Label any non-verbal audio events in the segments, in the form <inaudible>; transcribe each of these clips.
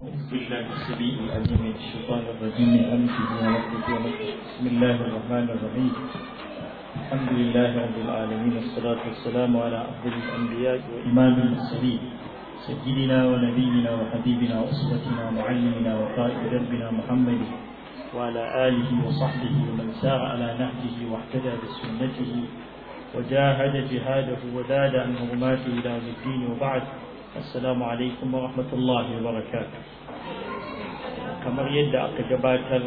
بسم الله الرحمن الرحيم الحمد لله رب العالمين والصلاة والسلام على أفضل الأنبياء وإمام المرسلين سيدنا ونبينا وحبيبنا وأسوتنا ومعلمنا وقائد ربنا محمد وعلى آله وصحبه ومن سار على نهجه واهتدى بسنته وجاهد جهاده وزاد عن هرماته إلى الدين وبعد السلام alaikum ورحمة wa وبركاته kamar yadda aka gabatar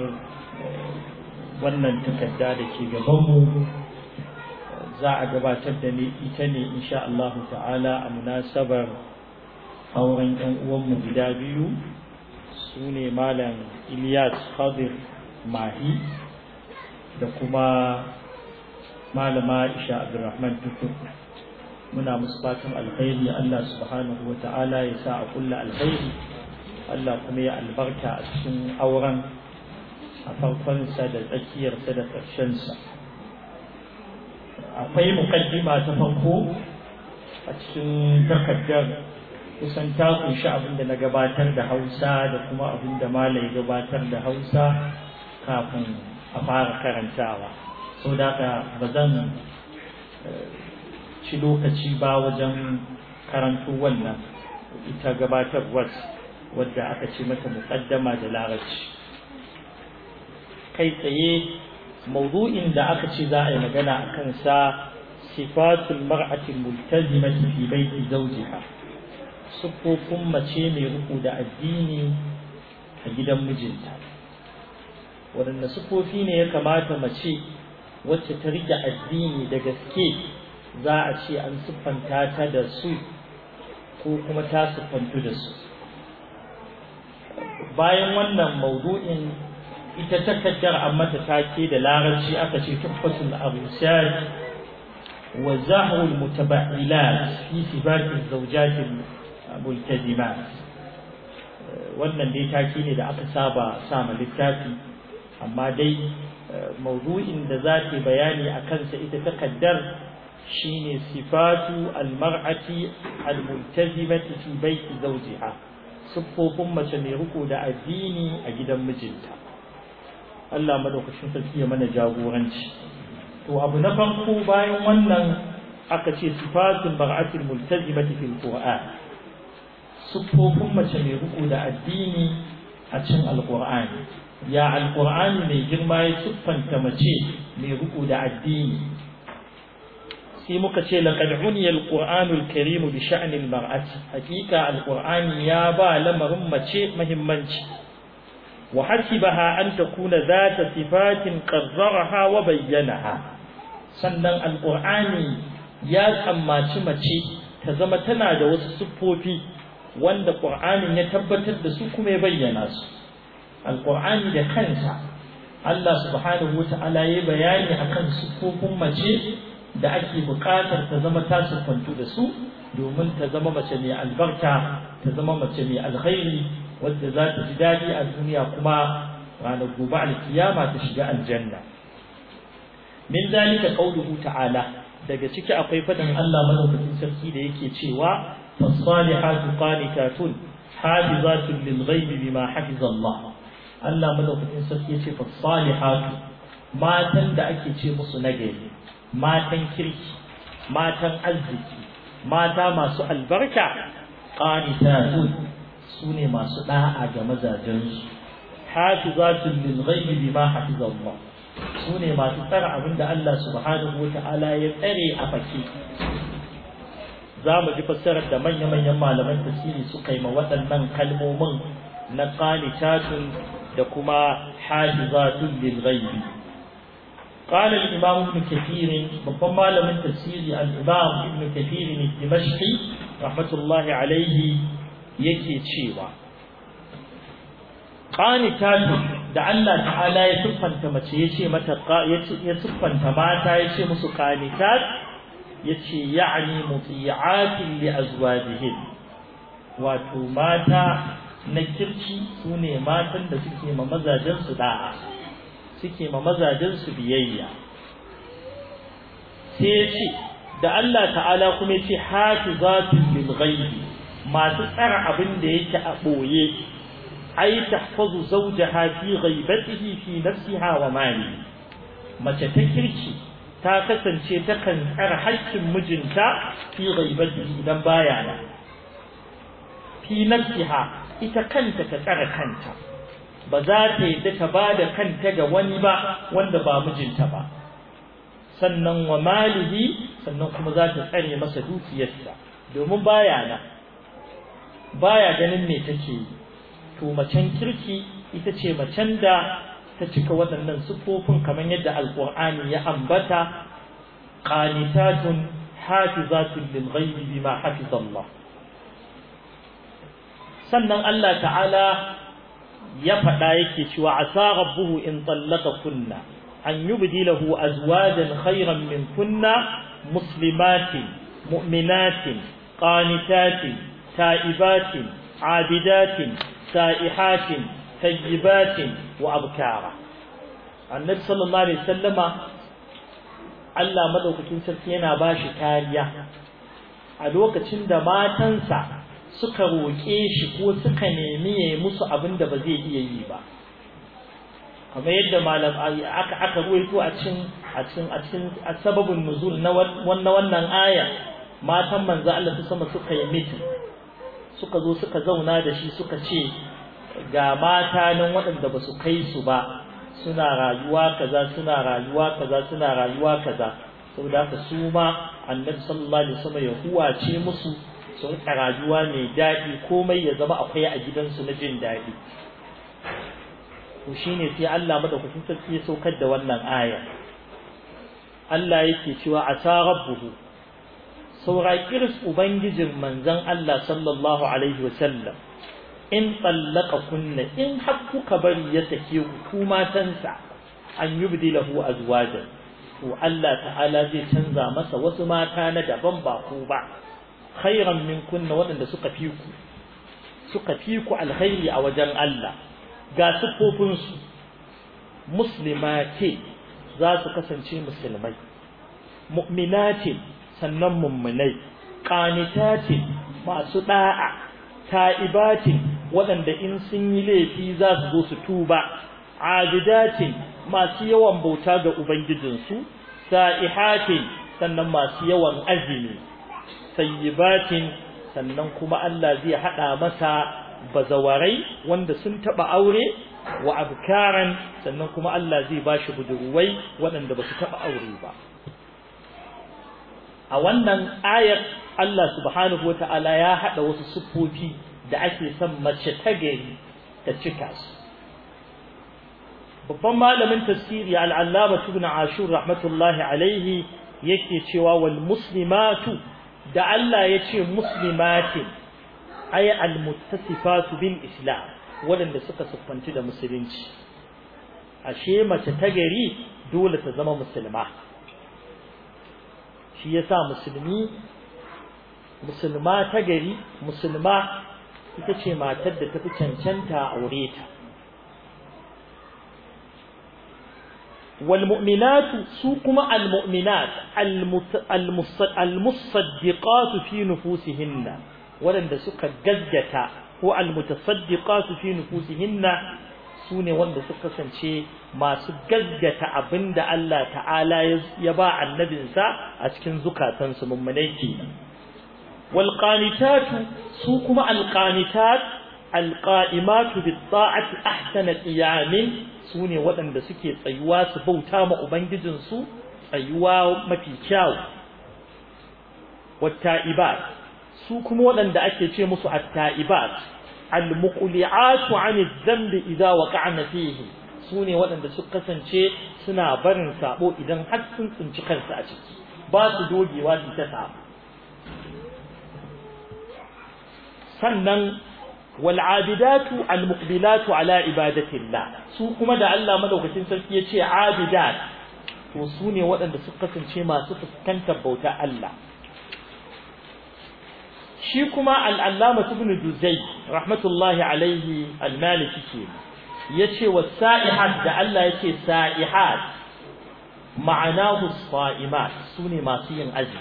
wannan takarda da ke gabanmu za a gabatar da ne ita ne insha Allah ta'ala a munasabar auren ɗan uwanmu gida biyu su ne malam Ilyas Khadir Mahi da kuma malama Isha Abdulrahman Tukur muna musu fatan alkhairi Allah subhanahu wa ta'ala ya sa a kulla alkhairi Allah kuma ya albarka a cikin auren a farkonsa da tsakiyarsa da ƙarshensa akwai mukaddima ta farko a cikin takardar kusan ta kunshi abin da na gabatar da hausa da kuma abin da malai gabatar da hausa kafin a fara karantawa sau da ba zan eh, ci lokaci ba wajen karanto wannan ita gabatarwar wadda aka ce mata muƙaddama da larabci kai tsaye mawdu'in da aka ce za a yi magana a kansa sifatul mar'atin multazimati fi baiti zawjiha sufofin mace mai ruku da addini a gidan mijinta waɗanda sufofi ne ya kamata mace wacce ta rike addini da gaske za a ce an siffanta ta da su ko kuma ta siffantu da su bayan wannan maudu'in ita takaddar amma ta take da larabci aka ce tuhfatul abusar wa zahrul mutabailat fi sifatil zawjatil multazimat wannan dai take ne da aka saba sama littafi amma dai eh, maudu'in da za ta bayani a kansa ita takaddar shine sifatu almar'ati almultazimati fi baiti zawjiha Sifofin mace mai riko da addini a gidan mijinta Allah madaukakin sarki ya mana jagoranci to abu na farko bayan wannan aka ce sifatul mar'ati almultazimati fil qur'an Sifofin mace mai riko da addini a cikin alqur'ani ya alqur'ani mai girma ya siffanta mace mai riko da addini sai muka ce laqad uniya alqur'anul karim bi sha'ni almar'ati hakika alqur'ani ya ba lamarin mace muhimmanci wa hasibaha an takuna zata sifatin qarraraha wa bayyanaha sannan alqur'ani ya tsammaci mace ta zama tana da wasu siffofi wanda qur'anin ya tabbatar da su kuma ya bayyana su alqur'ani da kansa Allah subhanahu wa ta'ala ya bayani akan siffofin mace da ake buƙatar ta zama ta siffantu da su domin ta zama mace mai albarka ta zama mace mai alkhairi wadda za ta ji daɗi a duniya kuma ranar gobe alkiyama ta shiga aljanna min zalika qauluhu ta'ala daga ciki akwai faɗin Allah madaukakin sarki da yake cewa fasalihatu qanitatun hafizatun lil ghaibi bima hafiza Allah Allah madaukakin sarki yace fasalihatu matan da ake ce musu nagari matan kirki matan arziki mata masu albarka qanitatun sune masu da'a ga mazajensu hafizatun lil ghaibi bima hafiza Allah sune masu tsara abinda Allah subhanahu wataala ya tsare a fake za mu ji fassarar da manya-manyan malaman tafsiri suka yi ma waɗannan kalmomin na qanitatun da kuma hafizatun lil ghaibi قال الإمام ابن كثير ربما لم تفسير الإمام ابن كثير الدمشقي رحمة الله عليه يكي تشيوا قانتات da Allah ta'ala ya siffanta mace ya ce mata ya siffanta mata ya ce musu qanitat ya ce ya'ni muti'atin li azwajihin wato mata na kirki sune matan da suke ma mazajen su da'a suke ma mazajen su biyayya sai ya ce da Allah ta'ala kuma ya ce su lil ghaibi masu tsara abin da yake a boye ai tahfazu zawjaha fi ghaibatihi fi nafsiha wa mali mace ta kirki ta kasance takan tsara haƙƙin mijinta fi ghaibatihi idan baya na fi nafsiha ita kanta ta tsara kanta ba za ta yi ta ba da kanta ga wani ba wanda ba mijinta ba sannan wa malihi sannan kuma za ta tsare masa dukiyarsa domin baya na baya ganin me take yi to macen kirki ita ce macen da ta cika waɗannan sufofin kamar yadda alƙur'ani ya ambata qanitatun hafizatun lil ghaibi bima hafizallah sannan Allah ta'ala ya faɗa yake cewa asa rabbuhu in tallaka kunna an yubdilahu azwajan khayran min kunna muslimatin mu'minatin qanitatin ta'ibatin abidatin sa'ihatin tayyibatin wa abkara annabi sallallahu alaihi wasallama Allah madaukakin sarki yana bashi kariya a lokacin da matansa suka roƙe shi ko suka nemi ya yi musu abin da ba zai iya yi ba kamar yadda malam aka aka ruwaito a cikin a cikin a cikin sababin nuzul na wannan aya matan manzo Allah sama suka yi miti suka zo suka zauna da shi suka ce ga mata nan waɗanda ba su kai su ba suna rayuwa kaza suna rayuwa kaza suna rayuwa kaza saboda haka su ma annabi sallallahu alaihi wasallam ya huwace musu sun karajuwa mai daɗi komai ya zama akwai a gidansu na jin daɗi shi shine sai Allah ku sun ya saukar da wannan aya Allah yake cewa asa Buhu. saura kiris ubangijin manzon Allah sallallahu alaihi wasallam in tsallaka kunna in har kuka bari ya sake ku ku matansa an yubdilahu azwajan to Allah ta'ala zai canza masa wasu mata na daban ba ku ba khairan min kunna waɗanda suka fi ku suka fi ku alkhairi a wajen Allah ga siffofinsu muslimati za su kasance musulmai mu'minati sannan mummunai qanitati masu da'a ta'ibati waɗanda in sun yi laifi za su zo su tuba ce masu yawan bauta ga ubangijinsu sa'ihati sannan masu yawan azumi sayyibatin sannan kuma Allah zai hada masa bazawarai wanda sun taba aure wa abkaran sannan kuma Allah zai bashi budurwai waɗanda ba su taba aure ba a wannan ayar Allah subhanahu wata'ala ya hada wasu siffofi da ake son mace ta gari ta cika su babban malamin tafsiri al'allama tubna ashur rahmatullahi alaihi yake cewa wal muslimatu da Allah ya ce muslimatin ay almuttasifatu bil islam waɗanda suka siffanci da musulunci ashe mace ta gari dole ta zama musulma shi yasa musulmi musulma ta gari musulma ita ce matar da ta fi cancanta aure ta والمؤمنات سوكما المؤمنات المصدقات في نفوسهن ولن سكا جزجتا هو المتصدقات في نفوسهن سوني وند سكا سنشي ما سجزجتا أبند الله تعالى يباع النبي إنسا أشكن زكا تنسم من منيكي والقانتات سوكما القانتات alqa'imatu bis sa'ati ahsana su ne waɗanda suke tsayuwa su bauta ma ubangijinsu tsayuwa mafi kyau watta'ibat su kuma waɗanda ake ce musu atta'ibat almuqli'atu idan wa idza waqa'na su sune waɗanda su kasance suna barin sabo idan har sun tsinci kansu a ciki ba su dogewa su ta sabo sannan wal'abidatu abidatu al muqbilatu ala ibadatillah su kuma da Allah madaukakin sarki yace abidat to su ne waɗanda suka kasance masu fuskantar bauta Allah shi kuma al'allama ibn duzai rahmatullahi alaihi al-maliki ke yace Sa'ihar da Allah yace sa'ihat ma'anahu su sune masu yin aji.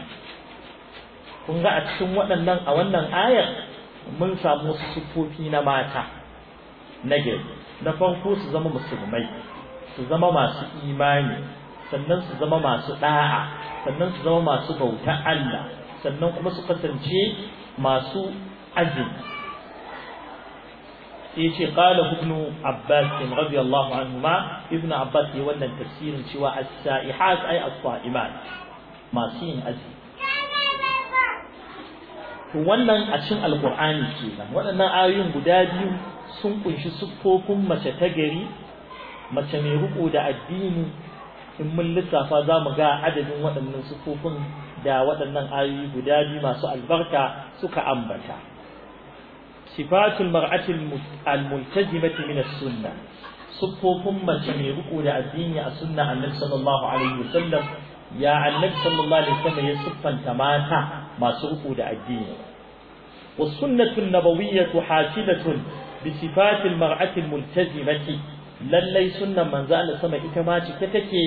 kun ga a cikin waɗannan a wannan ayar mun samu wasu na mata na gari na farko su zama musulmai su zama masu imani sannan su zama masu da'a sannan su zama masu bauta Allah sannan kuma su kasance masu azumi sai ce qala ibn abbas radiyallahu anhuma ibn abbas ya wannan tafsirin cewa as-sa'ihat ay as-sa'imat masu yin azumi to wannan a cikin ke kenan waɗannan ayoyin guda biyu sun kunshi siffofin mace ta gari mace mai riko da addini in mun lissafa za mu ga adadin waɗannan siffofin da waɗannan ayoyi guda biyu masu albarka suka ambata sifatul mar'atil al-multazimati min as-sunnah siffofin mace mai riko da addini a sunna annabi sallallahu alaihi wasallam ya annabi sallallahu alaihi wasallam ya siffanta mata masu ruku da addini wa sunnatun nabawiyyatu hasidatun bi sifatil mar'atil multazimati lallai sunan manzo Allah sama ita ma cike take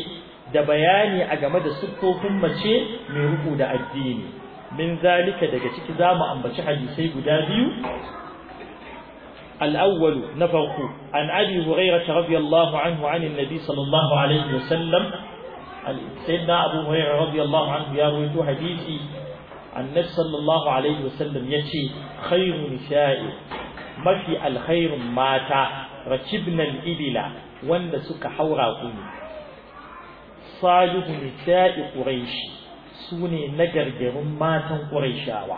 da bayani a game da siffofin mace mai ruku da addini min zalika daga ciki zamu ambaci hadisai guda biyu الأول نفق عن أبي هريرة رضي الله عنه عن النبي صلى الله عليه وسلم Sayyidina Abu Hurairah radiyallahu anhu ya rawaito hadisi annabi sallallahu alaihi wasallam yace khairu nisa'i mafi alkhairu mata rakibna idila, wanda suka haura ku ne salihu nisa'i quraish sune nagargarin matan quraishawa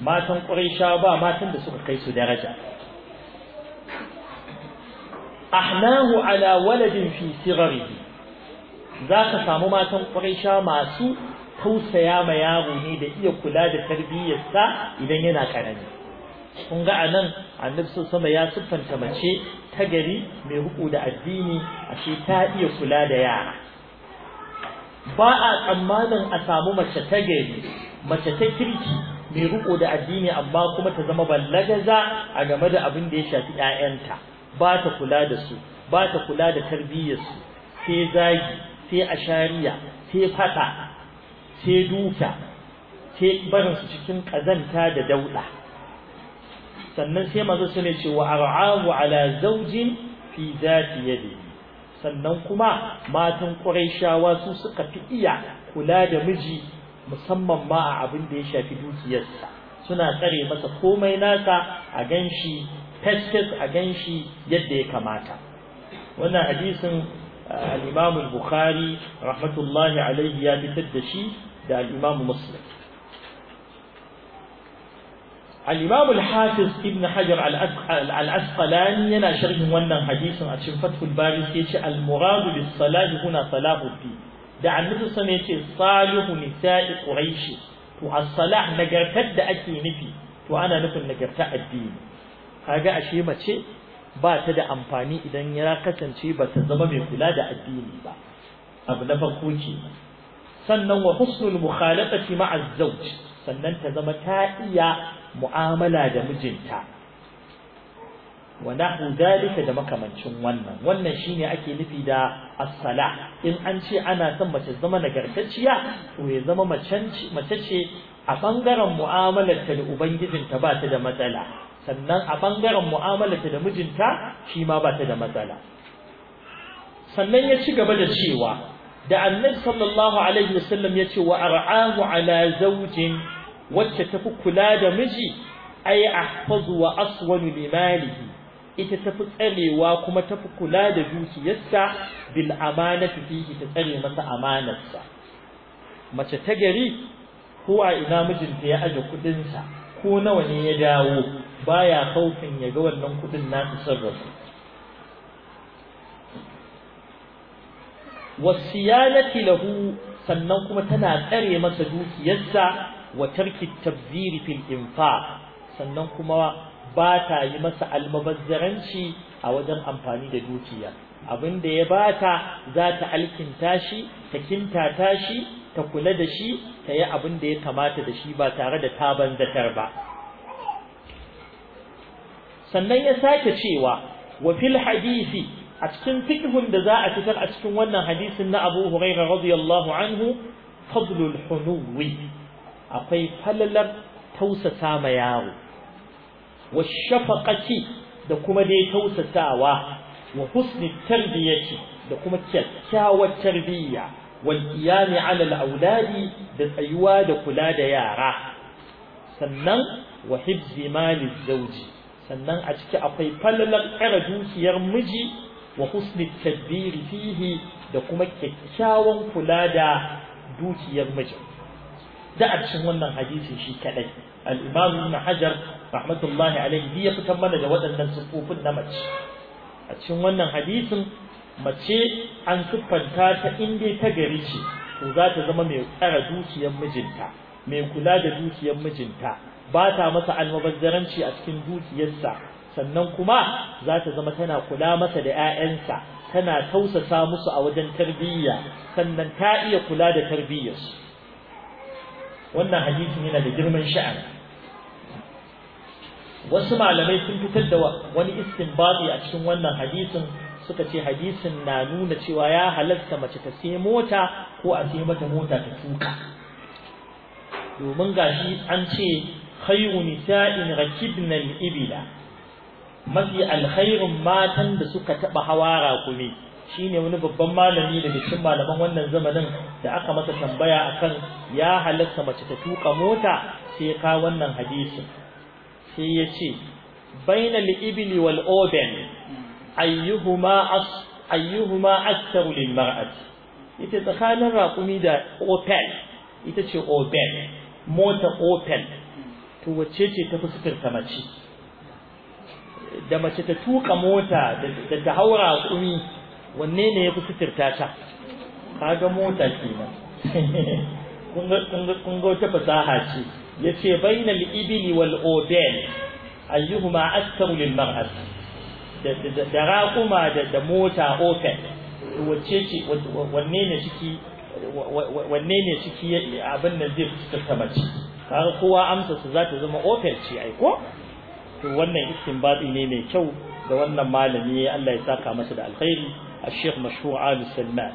matan quraishawa ba matan da suka kai su daraja ahnahu ala waladin fi sigharihi za ka samu matan ƙwarisha masu tausaya ma yaro ne da iya kula da tarbiyyarsa idan yana ƙarami kun ga anan annabi sama ya siffanta mace ta gari mai huku da addini ashe ta iya kula da yara ba a tsammanin a samu mace ta gari mace ta kirki mai riko da addini amma kuma ta zama ballagaza a game da abin da ya shafi 'ya'yanta ba ta kula da su ba ta kula da tarbiyyarsu sai zagi sai a shariya sai fata sai duka sai barin cikin ƙazanta da dauda sannan sai manzo sai ce wa ar'ahu ala zawjin fi zati yadi sannan kuma matan quraishawa su suka fi iya kula da miji musamman ma a abin da ya shafi dukiyarsa suna tsare masa komai nasa a ganshi fesfes a ganshi yadda ya kamata wannan hadisin al-Imam al-Bukhari rahmatullahi alayhi ya fitar da shi da al Muslim al hafiz Ibn Hajar al-Asqalani yana sharhin wannan hadisin a cikin Fathul Bari sai ya ce al-muradu huna salahu fi da annabi sallallahu alaihi wasallam ya ce salihu nisa'i quraishi to as-salah nagartar da ake nufi to ana nufin nagarta addini haga ashe mace ba ta da amfani idan ya kasance ba ta zama mai kula da addini ba abu na farko ke sannan wa husnul mukhalafati ma'a zawj sannan ta zama ta iya mu'amala da mijinta wa nahu dalika da makamancin wannan wannan shine ake nufi da as-sala in an ce ana son mace zama nagartacciya to ya zama mace ce a bangaren mu'amalar ta da ubangijinta ba ta da matsala sannan a bangaren mu'amalarta da mijinta shi ma ba ta da matsala sannan ya ci gaba da cewa da annabi sallallahu alaihi wasallam ya ce wa ar'ahu ala zawjin wacce ta fi kula da miji ay ahfazu wa aswanu li malihi ita fi tsarewa kuma ta fi kula da dukiyarsa bil amanati fihi ta tsare masa amanarsa mace ta gari ko a ina mijinta ya aje kudinsa ko nawa ne ya dawo baya kaufin ya ga wannan kudin nasu sarrafa wasiyanati lahu sannan kuma tana tsare masa dukiyarsa wa tarki tabziri fil sannan kuma ba ta yi masa almabazzaranci a wajen amfani da dukiya abinda ya bata za ta alkinta shi ta kintata shi ta kula da shi ta yi abin da ya kamata da shi ba tare da ta banzatar ba sannan ya sake cewa wa fil hadisi a cikin fiqhun da za a fitar a cikin wannan hadisin na Abu Hurairah radiyallahu anhu fadlul hunuwi akwai falalar tausasa ma yaro wa shafaqati da kuma dai tausasawa wa husni tarbiyati da kuma kyakkyawar tarbiyya wal qiyami ala al auladi da tsayuwa da kula da yara sannan wa hibzi mali zawji sannan a ciki akwai fallalar tsara dukiyar miji wa husnul tabbiri fihi da kuma kyakkyawan kula da dukiyar miji. da a cikin wannan hadisi shi kadai al-imam ibn hajar rahmatullahi alayhi ya fitar mana da waɗannan sufufin na mace a cikin wannan hadisin mace an siffanta ta inda ta gari ce to za ta zama mai tsara dukiyar mijinta mai kula da dukiyar mijinta ba ta masa almubazzaranci a cikin dukiyarsa sannan kuma za ta zama tana kula masa da 'ya'yansa tana tausasa musu a wajen tarbiyya sannan ta iya kula da tarbiyyarsu wannan hadisin yana da girman sha'ani wasu malamai sun fitar da wani istinbati a cikin wannan hadisin suka ce hadisin na nuna cewa ya halatta mace ta sai mota ko a sai mata mota ta tuka domin gashi an ce khairu nisa'in rakibna al-ibila mafi alkhairun matan da suka taba hawa raƙumi shine wani babban malami da cikin malaman wannan zamanin da aka masa tambaya akan ya halatta mace ta tuka mota sai ka wannan hadisi sai ya ce baina al-ibli wal oben ayyuhuma as ayyuhuma aktharu lil ita tsakanin raƙumi da opel ita ce opel mota opel to wacce ce ta fi suturta mace da mace ta tuka mota da ta haura kumi wanne ne ya fi suturta ta kaga mota kenan <laughs> kun ga wata fasaha ce ya ce baina al'ibili wal odel ayyuhuma askaru lil mar'at da raƙuma da mota opel wacce ce wanne ne ciki wanne ne ciki abin nan zai fi suturta mace kaga kowa amsa su za ta zama open ce ai ko to wannan istinbadi ne mai kyau da wannan malami Allah ya saka masa da alkhairi al-Sheikh Mashhur Ali Salman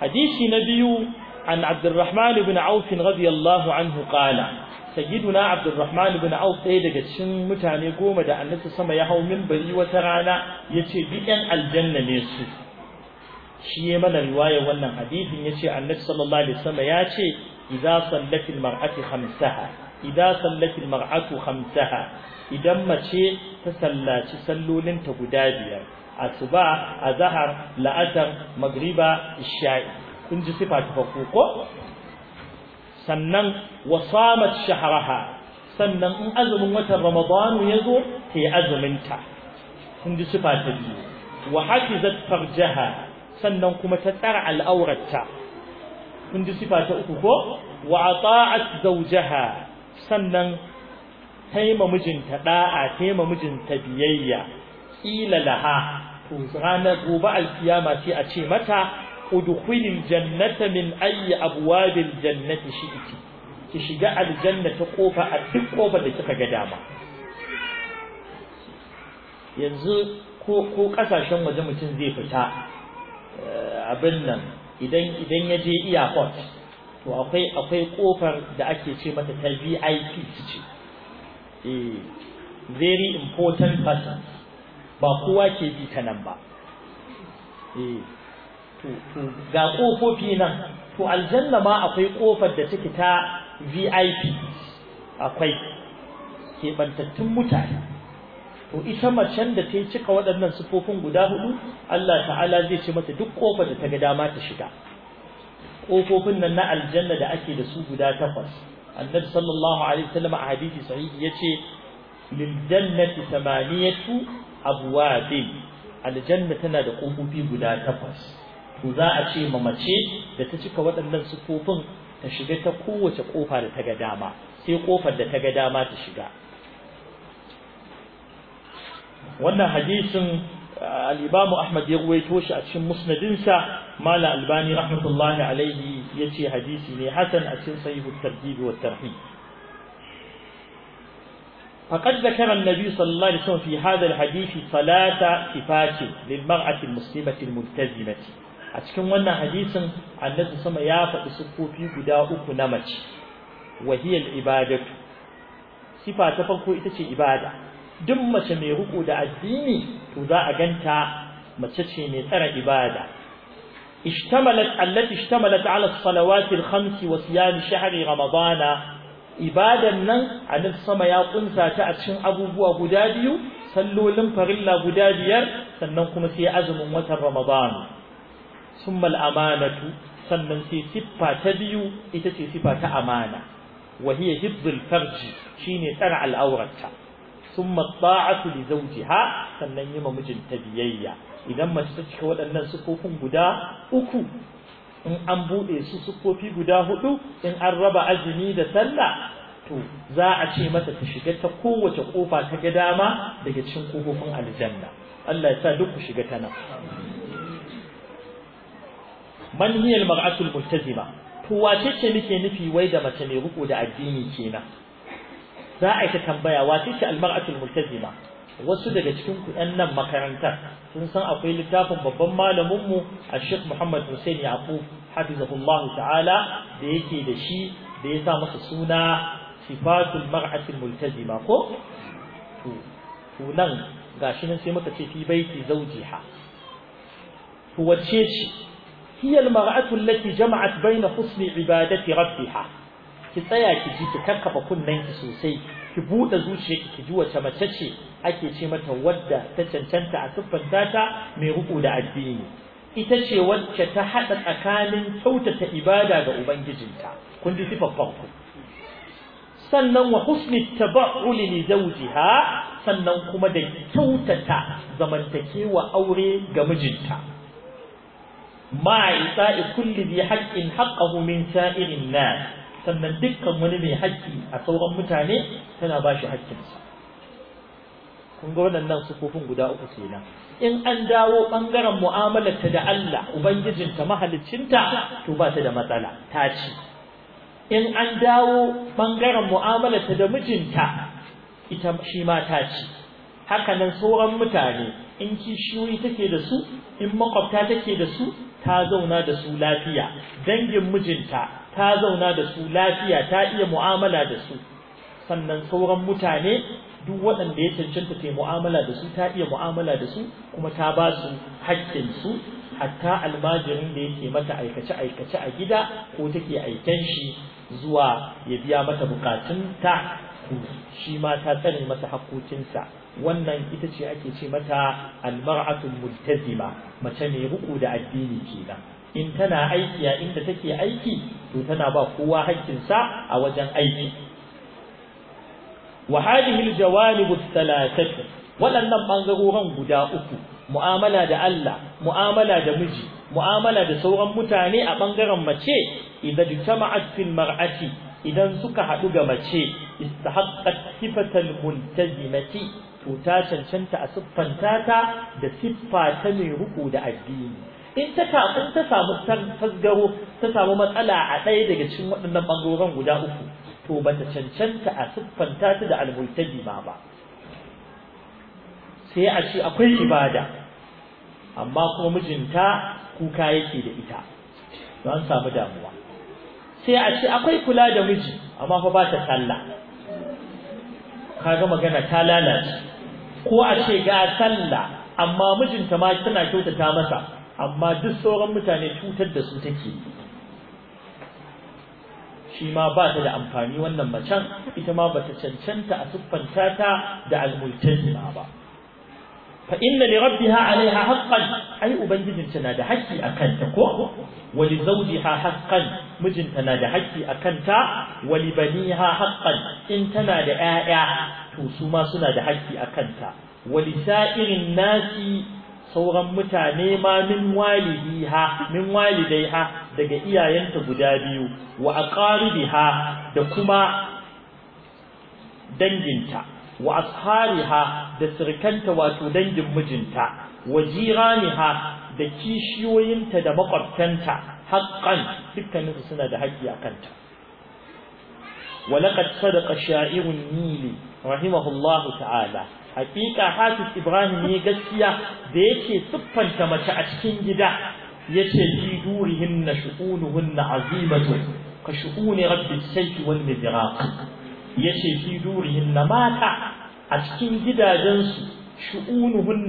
hadisi na biyu an Abdurrahman ibn Auf radiyallahu anhu qala sayyiduna Abdurrahman ibn Auf ɗaya daga cikin mutane goma da Annabi sama ya hau minbari wata rana yace duk aljanna ne su shi ya mana riwaya wannan hadisin yace Annabi sallallahu alaihi wasallam ya ce idza sallatil mar'atu khamsaha idza sallatil mar'atu khamsaha idan mace ta sallaci sallolinta guda biyar asuba azhar La'azar, magriba isha'i kun ji sifa ta farko ko sannan wasamat shahraha sannan in azumin watan ramadanu yazo ta yi azuminta kun ji sifa ta biyu wa hafizat farjaha sannan kuma ta tsara al'auratta kun ji sifa ta uku ko wa ata'at zawjaha sannan taima mijinta da'a taima mijinta biyayya qila laha to ranar gobe alkiyama sai a ce mata udkhulil jannata min ayi abwabil jannati shi'ti ki shiga aljanna ta kofa a duk ƙofar da kika ga dama yanzu ko ko kasashen waje mutum zai fita eh, abin nan idan idan ya je airport to akwai akwai kofar da ake ce mata ta VIP ce eh very important person ba kowa ke bi ta nan ba eh to to ga kofofi nan to aljanna ma akwai kofar da take ta VIP akwai keɓantattun mutane to ita macen da ta yi cika waɗannan sifofin guda hudu Allah ta'ala zai ce mata duk kofar da ta ga dama ta shiga kofofin nan na aljanna da ake da su guda takwas annabi sallallahu alaihi wasallam a hadisi sahihi yace lil jannati thamaniyatu abwabin aljanna tana da kofofi guda takwas to za a ce ma mace da ta cika waɗannan sifofin ta shiga ta kowace kofa da ta ga dama sai kofar da ta ga dama ta shiga wannan hadisin al-Imam Ahmad ya ruwaito shi a cikin musnadinsa Mala Albani rahmatullahi alaihi yace hadisi ne hasan a cikin sahih at-targhib wa at-tarhib فقد ذكر النبي صلى الله عليه وسلم في هذا الحديث صلاة كفاش للمرأة المسلمة الملتزمة أتكلم وانا حديث عن النبي صلى الله عليه وسلم يافق في قداؤك نمج وهي العبادة صفة تفرق إتشي عبادة duk mace mai riko da addini to za a ganta mace ce mai tsara ibada ishtamalat allati ishtamalat ala salawati al-khams wa siyam ramadana ibadan nan annabi sama ya kunsa ta a cikin abubuwa guda biyu sallolin farilla guda biyar sannan kuma sai azumin watan ramadan summa al-amanatu sannan sai siffa ta biyu ita ce siffa ta amana wa hiya hibdul farji shine tsara al'aurata thumma ta'atu li zawjiha sannan yi ma mijinta biyayya idan mace ta cika waɗannan sifofin guda uku in an buɗe su sifofi guda hudu in an raba azumi da sallah to za a ce mata ta shiga ta kowace kofa ta gida ma daga cikin kofofin aljanna Allah ya sa duk ku shiga ta nan man hiya al-mar'atu al-multazima to wace ce nake nufi wai da mace mai riko da addini kenan za a yi ta tambaya wace ce almar'atul multazima wasu daga cikin kuɗan nan makarantar sun san akwai littafin babban malamin mu Sheikh Muhammad Hussein Yaqub hafizahullahu ta'ala da yake da shi da ya sa masa suna sifatul mar'atul multazima ko to to nan gashi nan sai muka ce fi baiti zawjiha to wacce ce هي المرأة التي جمعت بين حسن عبادة ربها ki tsaya ki ji ki kakkafa kunnen ki sosai ki buɗe zuciyarki ki ji wace mace ce ake ce mata wadda ta cancanta a siffanta ta mai ruku da addini ita ce wacce ta haɗa tsakanin kyautata ibada ga ubangijinta kun ji sifar sannan wa husni tabauli li zawjiha sannan kuma da kyautata zamantakewa aure ga mijinta ma isa'i kulli bi haqqin haqqahu min sa'irin nas sannan dukkan wani mai haƙƙi a sauran mutane tana ba shi haƙƙinsa kun ga waɗannan sufofin guda uku kenan in an dawo ɓangaren mu'amalarta da Allah ubangijinta mahaliccinta to ba ta da matsala ta ci in an dawo ɓangaren mu'amalarta da mijinta ita shi ma ta ci haka nan sauran mutane in kishiyoyi take da su in makwabta take da su ta zauna da su lafiya dangin mijinta ta zauna da su lafiya ta iya mu'amala da su sannan sauran mutane duk waɗanda ya cancanta ta mu'amala da su ta iya mu'amala da su kuma ta ba su haƙƙinsu hatta almajirin da yake mata aikace aikace a gida ko take aiken shi zuwa ya biya mata ta shi ma ta tsare masa haƙƙoƙinsa wannan ita ce ake ce mata almar'atul multazima mace mai ruƙu da addini kenan in tana aiki a inda take aiki to tana ba kowa sa a wajen aiki wa hadhihi aljawanib athalathatu waɗannan bangarorin guda uku mu'amala da Allah mu'amala da miji mu'amala da sauran mutane a bangaren mace idan jama'at fil mar'ati idan suka haɗu ga mace istahaqqat sifatal multazimati to ta cancanta a siffanta ta da siffa ta mai ruku da addini in ta kafin ta samu tasgaro ta samu matsala a ɗaya daga cikin waɗannan ɓangarorin guda uku to ba ta cancanta a siffanta ta da almultaji ma ba sai a ce akwai ibada amma kuma mijinta kuka yake da ita don samu damuwa sai a ce akwai kula da miji amma fa ba ta talla kaga magana ta lalace ko a ce ga talla amma mijinta ma tana kyautata masa amma duk sauran mutane cutar da su take shi ma ba ta da amfani wannan macen ita ma bata cancanta a siffanta ta da almultazima ba fa inna li rabbiha alaiha haqqan ai ubangijinta na da haƙƙi akan ta ko wa li zawjiha haqqan mijinta na da haƙƙi akan ta wa li baniha haqqan in tana da 'ya'ya to su ma suna da haƙƙi akan ta wa li sa'irin nasi sauran mutane ma min walidiha min walidaiha daga iyayenta guda biyu wa aqaribiha da kuma danginta wa ashariha da sirkanta wato dangin mijinta wa jiraniha da kishiyoyinta da makwabtanta haƙƙan dukkanin su suna da haƙƙi a kanta wa laqad sadaqa sha'irun nili rahimahullahu ta'ala hakika hafiz ibrahim ne gaskiya da yake siffanta mace a cikin gida yace na durihinna na azimatu ka shu'uni rabbi sayfi wal midraq yace durihin na mata a cikin gidajensu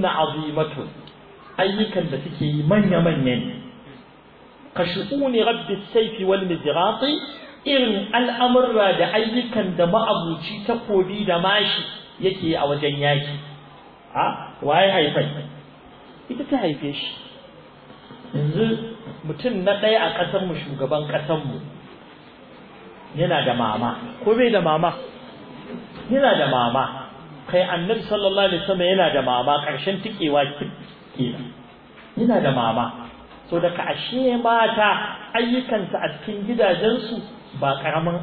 na azimatu ayyukan da suke yi manya manya ne ka shu'uni rabbi sayfi wal midraq irin al'amurra da ayyukan da ma'abuci takobi da mashi yake a wajen yaki a waye haifai ita ta haife shi yanzu mutum na ɗaya a ƙasarmu shugaban ƙasarmu yana da mama ko bai da mama yana da mama kai annabi sallallahu alaihi wasallam yana da mama ƙarshen tikewa ke yana da mama so daga ashe mata ayyukansa a cikin gidajensu ba ƙaramin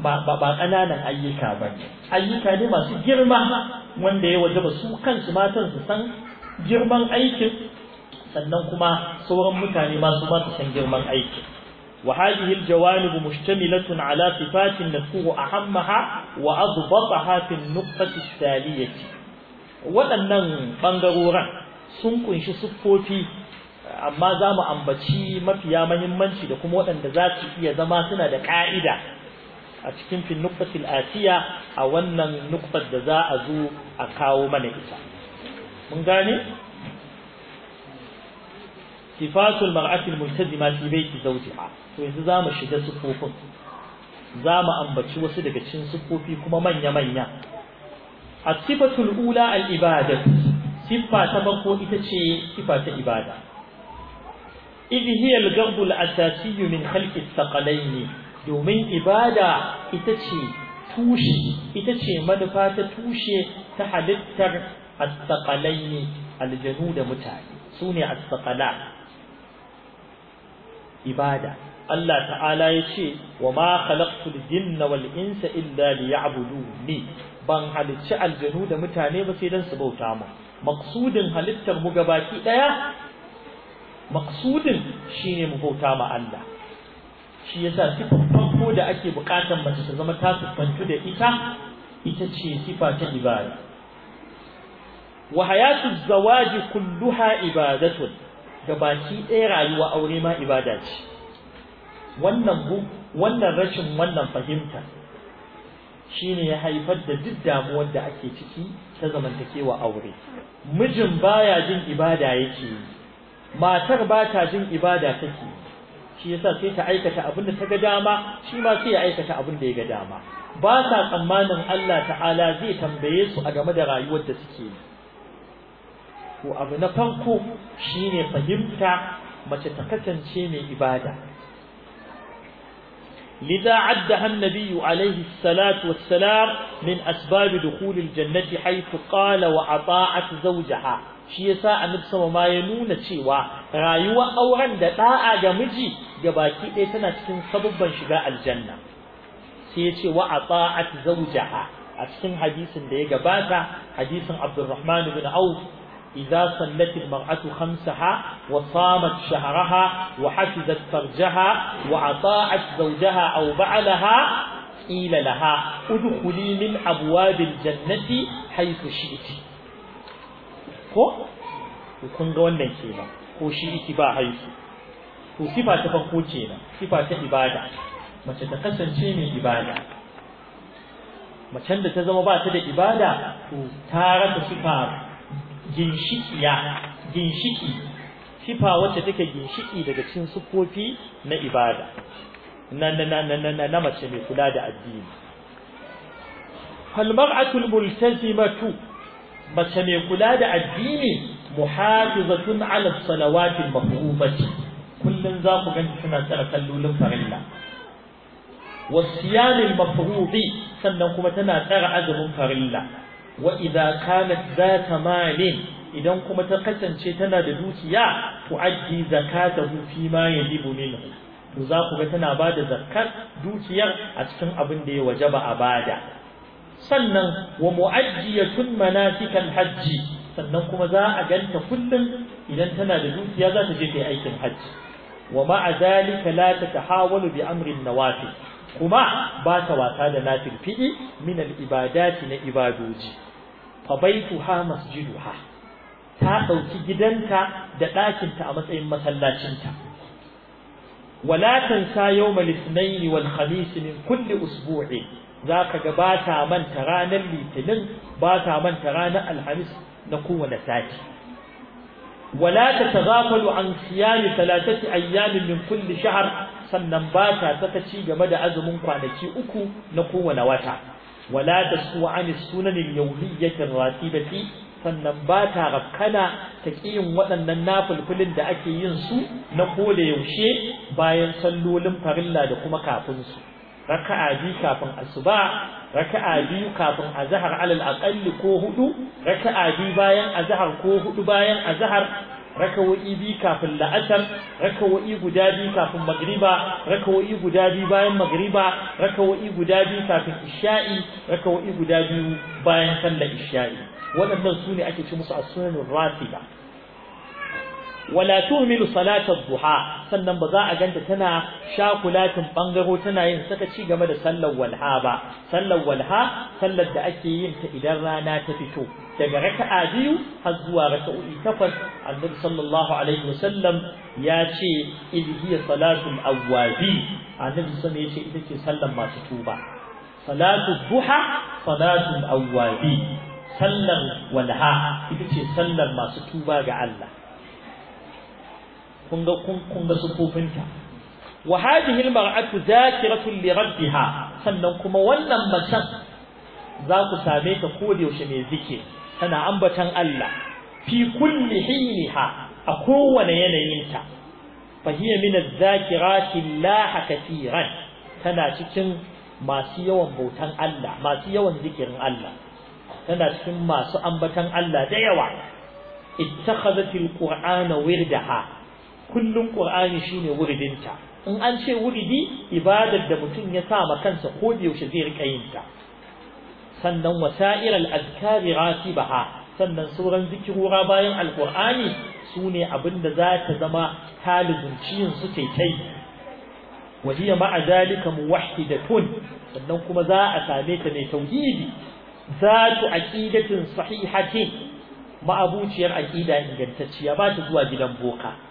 ba ba ƙananan ayyuka ba ayyuka ne masu girma wanda ya waje ba su kansu matan su san girman aikin sannan kuma sauran mutane ma su san girman aikin وهذه الجوانب مشتملة على صفات نذكر أهمها وأضبطها في النقطة ce. waɗannan ɓangaroran sun kunshi siffofi amma za mu ambaci mafiya mahimmanci da kuma waɗanda za su iya zama suna da ƙa'ida a cikin fil nuqtatil atiya a wannan nuqtar da za a zo a kawo mana ita mun gane sifatul mar'ati almultazima fi baiti zawjiha to yanzu zamu shiga sufofin zamu ambaci wasu daga cikin sufofi kuma manya manya as-sifatul ula al-ibadatu siffa ta farko ita ce siffa ta ibada idh hiya al-ghadbu al-asasiyyu min domin ibada ita ce tushe ita ce manufa ta tushe ta halittar as aljanu da mutane sune as-saqala ibada Allah ta'ala ya ce wa ma khalaqtul jinna wal insa illa liya'buduni ban halicci aljanu da mutane ba sai dan su bauta mu maksudin halittar mu gabaki daya maksudin shine mu bauta ma Allah shi ya sa sifar farko da ake bukatar mace ta zama ta da ita ita ce sifa ta ibada wa hayatu zawaji kulluha ibadatun da baki ɗaya rayuwa aure ma ibada ce wannan wannan rashin wannan fahimta shine ya haifar da duk damuwar da ake ciki ta zamantakewa aure mijin baya jin ibada yake matar ba ta jin ibada take yi shi yasa sai ta aikata abin da ta ga dama shi ma sai ya aikata abin da ya ga dama ba sa tsammanin Allah ta'ala zai tambaye su a game da rayuwar da suke yi ko abu na farko shine fahimta mace ta kasance mai ibada لذا عدها النبي عليه الصلاة والسلام من أسباب دخول الجنة حيث قال وأطاعت زوجها shi yasa annabi sama ma ya nuna cewa rayuwar auren da da'a ga miji ga baki ɗaya tana cikin sabubban shiga aljanna sai ya ce wa ata'at zawjaha a cikin hadisin da ya gabata hadisin Abdurrahman ibn Auf idza sallat almar'atu khamsaha wa samat shahraha wa hafizat farjaha wa ata'at zawjaha aw ba'alaha qila laha udkhuli min abwabil jannati haythu shi'ti ko kun ga wannan kema, ko shi iki ba haihu Ko sifa ta farko na, sifa ta ibada mace ta kasance mai ibada macen da ta zama ba ta da ibada to ta rasa sifa ginshikiya ginshiki sifa wacce take ginshiki daga cikin sufofi na ibada na na mace mai kula da addini fal mar'atul multazimatu mace mai kula da addini muhafizatun ala salawatil mafruḍati kullun za ku ganta tana tsara kallolin farilla wasiyamil mafruḍi sannan kuma tana tsara azumin farilla wa idza kanat zata malin idan kuma ta kasance tana da dukiya tu'addi zakatahu fi ma yajibu minhu to za ku ga tana bada zakat dukiyar a cikin abin da ya wajaba a bada sannan wa mu'ajjiyatun manasikal hajji sannan kuma za a ganta kullum idan tana da dukiya za ta je ta aikin hajji wa ma'a zalika la tatahawalu bi amrin nawafil kuma ba ta wasa da nafil fi'i min al ibadati na ibadoji fa baituha masjiduha ta dauki gidanta da ɗakinta a matsayin masallacinta wala tansa yawmal ithnain wal khamis min kulli usbu'in za ka ga ba ta manta ranar litinin ba ta manta ranar alhamis na kowane sati wala ta tagafalu lu'an siyami talatati ayyamin min kulli shahar sannan ba ta ci game da azumin kwanaki uku na kowane wata wala ta su an sunanin yawmiyyatin ratibati sannan ba ta rakkana ta yin waɗannan nafulfulin da ake yin su na koda yaushe bayan sallolin farilla da kuma kafin su raka'a biyu kafin asuba raka'a biyu kafin azhar alal aqalli ko hudu raka'a biyu bayan azhar ko hudu bayan azhar rakao'i biyu kafin la'asar rakaoi guda biyu kafin magriba rakao'i guda biyu bayan magriba rakao'i guda biyu kafin isha'i rakao'i guda biyu bayan sallar isha'i waɗannan su ne ake ce musu as-sunan rafida wala tuhmilu salatar duha sannan ba za a ganta tana shakulatin bangaro tana yin saka ci game da sallar walha ba sallar walha sallar da ake yin ta idan rana ta fito daga raka'a biyu har zuwa raka'o'i takwas annabi sallallahu alaihi wasallam ya ce idhiya salatul awwabi annabi sallallahu ya ce ita ce sallar masu tuba salatu duha salatul awwabi sallar walha ita ce sallar masu tuba ga Allah kunga ga kun ga sufofinta wa hadhihi almar'atu zakiratun li rabbiha sannan kuma wannan macen za ku same ta ko da yaushe mai zike tana ambatan Allah fi kulli hiniha a kowane yanayinta fa hiya min az-zakirati Allah katiran tana cikin masu yawan bautan Allah masu yawan zikirin Allah tana cikin masu ambatan Allah da yawa ittakhadhatil qur'ana wirdaha kullum qur'ani shine wuridinta in an ce wuridi ibadar da mutum ya sa ma kansa ko da yaushe zai rika yin ta sannan wasa'ir al-azkari ratibaha sannan sauran zikirura bayan alqur'ani sune abinda za ta zama talibunci su kai kai wahiya ma'a zalika muwahhidatun sannan kuma za a same ta mai tauhidi zatu aqidatin sahihatin ma'abuciyar aqida ingantacciya ba ta zuwa gidan boka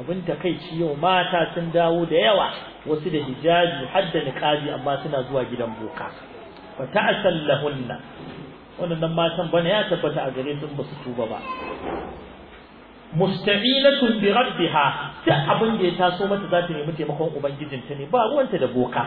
abin ta kai ci yau mata sun dawo da yawa wasu da hijabi har da niqabi amma suna zuwa gidan boka fa ta'asallahunna wannan matan bana ya tabbata a gare su ba su tuba ba musta'ilatun bi rabbiha ta abin da ya taso mata za ta nemi taimakon ubangijin ta ne ba ruwanta da boka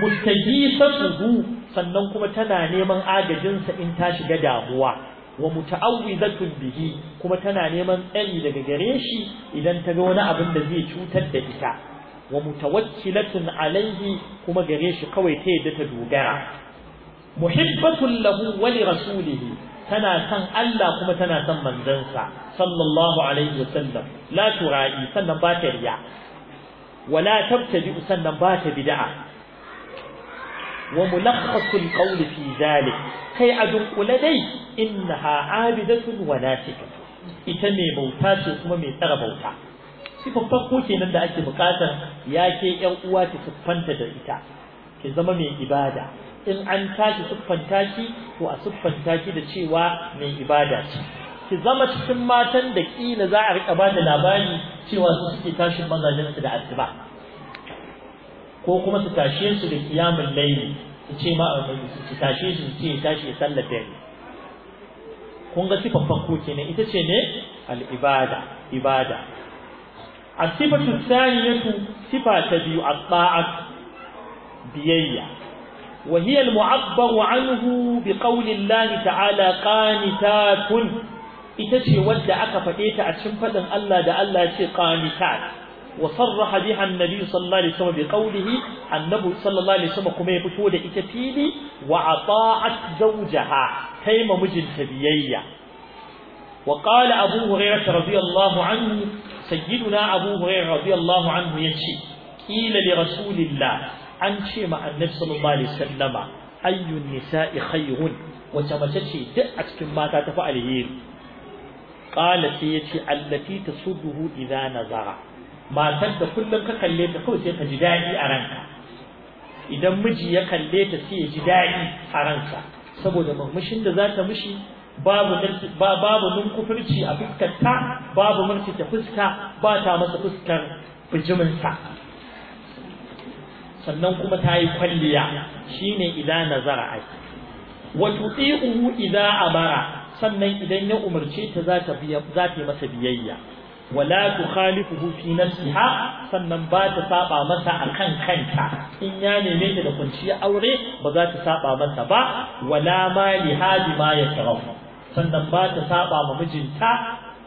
mustajisatuhu sannan kuma tana neman agajinsa in ta shiga damuwa wa muta'awwizatun bihi kuma tana neman tsari daga gare shi idan ta ga wani abin da zai cutar da ita wa mutawakkilatun alaihi kuma gare shi kawai ta yadda ta dogara muhibbatun lahu wa li rasulihi tana san Allah kuma tana san manzansa sallallahu alaihi sallam. la turai sannan ba ta riya wala tabtadi sannan ba ta bid'a wa mulakhasul qawli fi zalik kai a dunkule dai innaha abidatun wa nasikatun ita mai bauta ce kuma mai tsara bauta sifar farko kenan da ake bukatar ya ke yan uwa ki siffanta da ita ki zama mai ibada in an tashi siffanta ki to a siffanta ki da cewa mai ibada ce ki zama cikin matan da kila za a rika ba da labari cewa su suke tashin mazajen su da asuba ko kuma su tashe su da kiyamun laili su ce ma su tashe su ce ya tashi ya sallar kun ga sifar farko ita ce ne al'ibada. ibada ibada sifatu thaniyatu sifa ta biyu a biyayya wa hiya al-mu'abbaru anhu bi qawli Allah ta'ala qanitatun ita ce wadda aka faɗe ta a cikin faɗin Allah da Allah ya ce qanitat وصرح بها النبي صلى الله عليه وسلم بقوله النبي صلى الله عليه وسلم كما يقول ده إتتيلي وعطاعت زوجها كيما مجل تبيي وقال أبو هريرة رضي الله عنه سيدنا أبو هريرة رضي الله عنه يشي قيل لرسول الله عن مع النبي صلى الله عليه وسلم أي النساء خير وتمتشي دعك كما تتفعل قالت التي تصده إذا نزغ matar da kullum ka kalle ta kawai sai ka ji daɗi a ranka idan miji ya kalle ta sai ya ji daɗi a ranka, saboda murmushin da za ta mishi babu babu nun kufurci a fuskarta babu ta fuska ba ta masa fuskar bijiminsa sannan kuma ta yi kwalliya shine idan nazara ai wa tuti'uhu idan amara sannan idan ya umarce ta za ta yi masa biyayya wala tukhalifuhu fi nafsiha sannan ba ta saba masa akan kanta in ya neme ta da kunciya aure ba za ta saba masa ba wala mali hadi ma tarau. sannan ba ta saba ma mijinta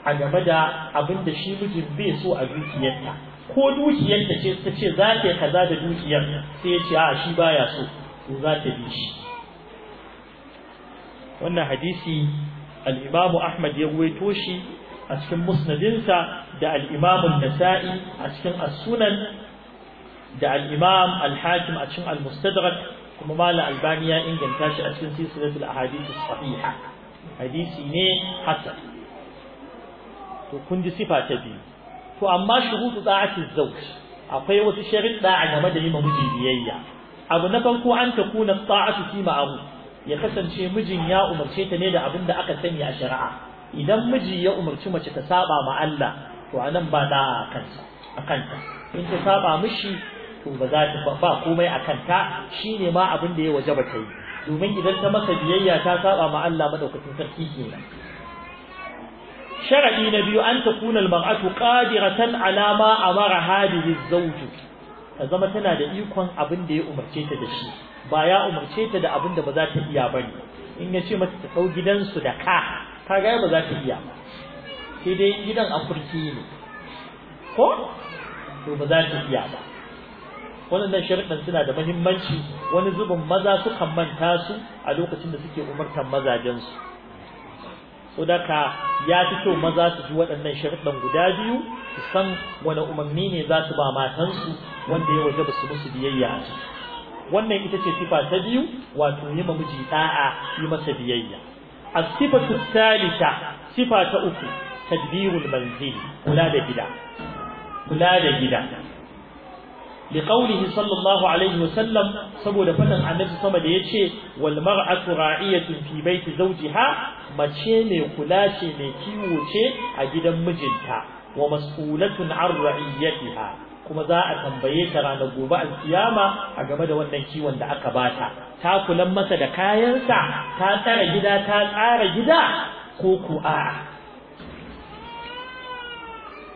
a game da abin da shi mijin bai so a dukiyarta ko dukiyarta ce ta ce za ta yi kaza da dukiyar sai ya ce a shi baya so to za ta bi shi wannan hadisi al imamu Ahmad ya ruwaito shi a cikin musnadinsa da al nasai a cikin asunan sunan da al alhakim al-Hakim a cikin al-Mustadrak kuma Malam Albani inganta shi a cikin silsilatul ahadith sahiha hadisi ne hasan to kun ji sifa ta biyu to amma shurutu za az-zawj akwai wasu sharuɗa a game da ma miji biyayya abu na farko an ta kuna ta'atu fi ma'ruf ya kasance mijin ya umarce ta ne da abin da aka sani a shari'a idan miji ya umarci mace ta saba ma Allah to anan ba da kansa akanta in ta saba mishi to ba za ta ba komai akanta shine ma abin da ya waje ba ta yi domin idan ta masa biyayya ta saba ma Allah madaukakin sarki kenan sharadi na biyu an kuna al-mar'atu qadiratan ala ma amara hadihi az-zawj ta zama tana da ikon abin da ya umarce ta da shi ba ya umarce ta da abin da ba za ta iya bane in ya ce mata ta dau gidansu da ka ka ga ba za ta iya sai dai gidan afirki ne ko to ba za ta iya ba waɗannan sharuɗan suna da mahimmanci wani zubin maza sukan manta su a lokacin da suke umartan mazajensu so daga ya fi kyau maza su ji waɗannan sharuɗan guda biyu su san wani umarni ne za su ba matansu wanda ya waje ba su musu biyayya wannan ita ce sifa ta biyu wato yi ma miji ɗa'a yi masa biyayya as-sifatu thalitha sifa ta uku tadbirul manzil kula da gida kula da gida لقوله صلى الله عليه وسلم saboda fadin annabi sama da yace wal mar'atu ra'iyatun fi baiti zawjiha mace mai kula ce mai kiwo ce a gidan mijinta wa mas'ulatun an ra'iyatiha kuma za a tambaye ta rana gobe alkiyama a game da wannan kiwon da aka bata ta kula masa da kayansa ta tsara gida ta tsara gida ko ku a'a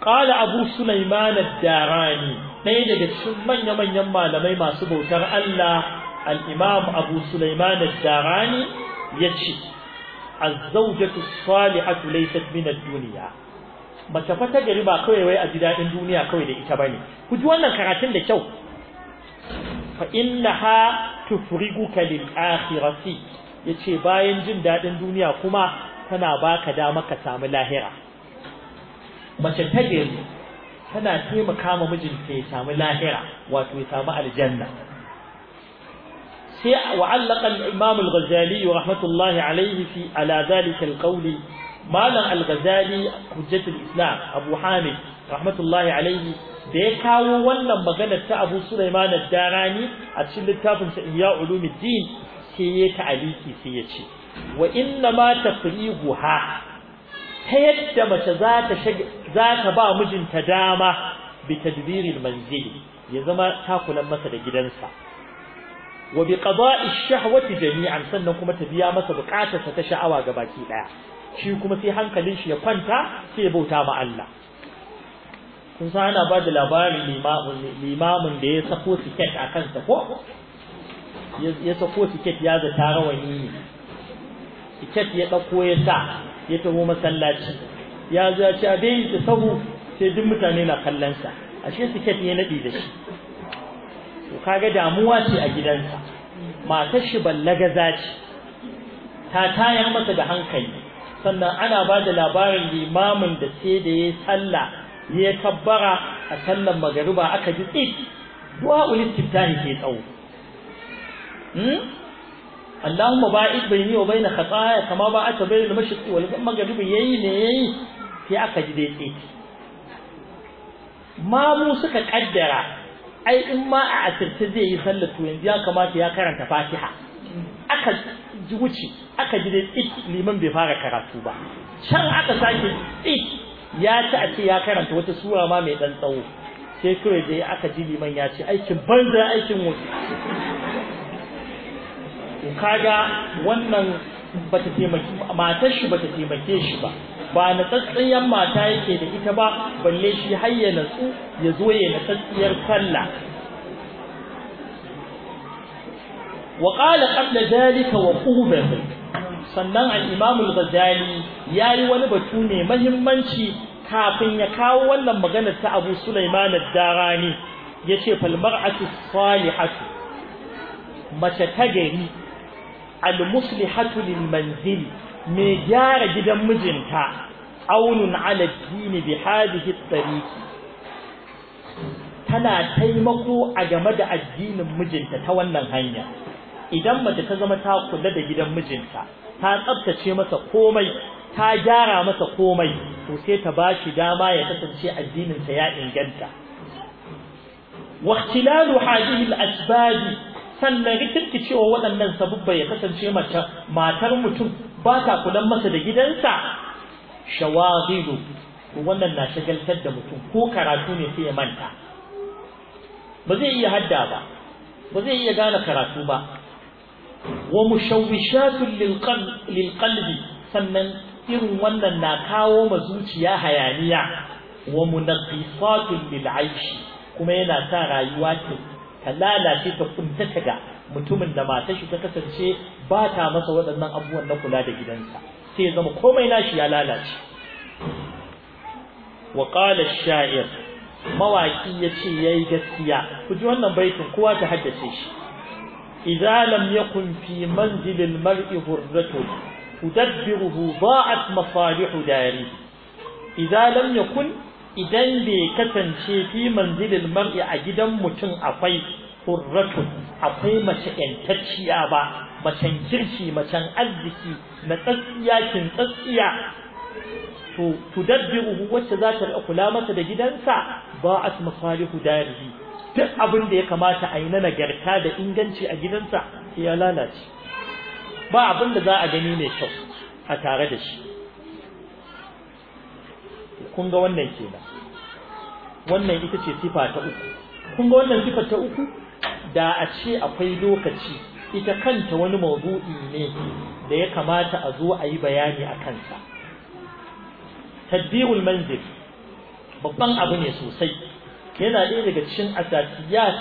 Abu أبو سليمان darani ɗaya daga cikin manya-manyan malamai masu bautar Allah al'imam Abu Sulaiman al-Darani ya ce, "Azzaujatu salihatu laysat min ad-dunya ba ta fata gari ba kawai wai a ji daɗin duniya kawai da ita bane ku ji wannan karatun da kyau fa innaha tufriguka lil akhirati yace bayan jin daɗin duniya kuma tana baka dama ka samu lahira mace ta gari tana taimaka ma mijinta ya samu lahira wato ya samu aljanna sai wa'allaqa al-imam al-ghazali rahmatullahi alayhi fi ala dhalika al-qawli malam al-ghazali hujjatul islam abu hamid rahmatullahi alaihi da ya kawo wannan maganar ta abu sulaiman ad-darani a cikin littafin sa iya ulumuddin sai ya ta'aliki sai ya ce wa inna ma tafrihuha ta yadda mace za ta za ta ba mijinta dama bi tadbiril manzili ya zama takulan masa da gidansa wa bi qada'i shahwati jami'an sannan kuma ta biya masa bukatarsa ta sha'awa gabaki daya shi kuma sai hankalin shi ya kwanta sai ya bauta ma Allah kun san ana ba da labarin limamin da ya sako tiket a kansa ko ya sako tiket ya zata rawani ne tiket ya ɗauko ya sa ya taho masallaci ya zo ya ce a dai ta sahu sai duk mutane na kallon sa ashe tiket ya naɗi da shi to kaga damuwa ce a gidansa matar shi ballaga zaci ta tayar masa da hankali sannan ana ba da labarin limamin da sai da ya sallah ya kabbara a sallan magariba aka ji tsit du'a ta ke tsawo hmm? Allahumma ba'id bayni wa bayna khataaya kama ba'ata bayna al-mashriq wal maghrib yayi ne yayi sai aka ji dai tsit ma mu suka kaddara ai in ma a asirta zai yi sallar to yanzu ya kamata ya karanta Fatiha aka ji wuce aka ji dai ik liman bai fara karatu ba can aka sake it ya ci a ce ya karanta wata sura ma mai dan tsawo sai da ya aka ji liman ya ce aikin banza aikin wuce kaga wannan bata taimaki matar shi bata taimake shi ba ba na tsatsayen mata yake da ita ba balle shi har ya natsu ya zo ya natsatsiyar sallah وقال قبل ذلك وقوبه sannan al-Imam al-Ghazali yayi wani batu ne muhimmanci kafin ya kawo wannan maganar ta Abu Sulaiman ad-Darani yace fal mar'atu salihatu mace ta gari al-muslihatu lil manzil me gyara gidan mijinta aunun ala dini bi hadhihi at tana taimako a game da addinin mijinta ta wannan hanya idan mace ta zama ta kula da gidan mijinta ta tsabtace masa komai ta gyara masa komai to sai ta bashi dama ya kasance addinin sa ya inganta wa ikhtilalu hadhihi al-asbab sannan rikinki cewa waɗannan sabubba ya kasance mace matar mutum ba ta kula masa da gidansa shawaghilu wannan na shagaltar da mutum ko karatu ne sai ya manta ba zai iya hadda ba ba zai iya gane karatu ba wa mushawwishatun lil qalbi sannan irin wannan na kawo ma zuciya hayaniya wa munaqqisatun lil aishi kuma yana sa rayuwa ta ta lalace ta kuntata ga mutumin da matar shi ta kasance ba ta masa waɗannan abubuwan na kula da gidansa sai ya zama komai nashi ya lalace wa qala ash-sha'ir mawaki yace yayi gaskiya ku ji wannan baitin kowa ta haddace shi إذا لم يكن في منزل المرء هرة تدبره ضاعت مصالح داره إذا لم يكن إذا إذن بيكتن شي في منزل المرء أجدا متن أفاي هرة أفاي مشأن تتشي أبا مشأن كرشي مشأن أزكي متسيا كنتسيا تدبره وشذات الأقلامة بجدا سا ضاعت مصالح داره duk abin da ya kamata a yi na nagarta da inganci a gidansa ya lalace ba abin da za a gani mai kyau a tare da shi kun ga wannan kenan wannan ita ce sifa ta uku kun ga wannan sifa ta uku da a ce akwai lokaci ita kanta wani maudu'i ne da ya kamata a zo a yi bayani a kansa tadbirul manzil babban abu ne sosai yana ɗaya daga cikin asasiyat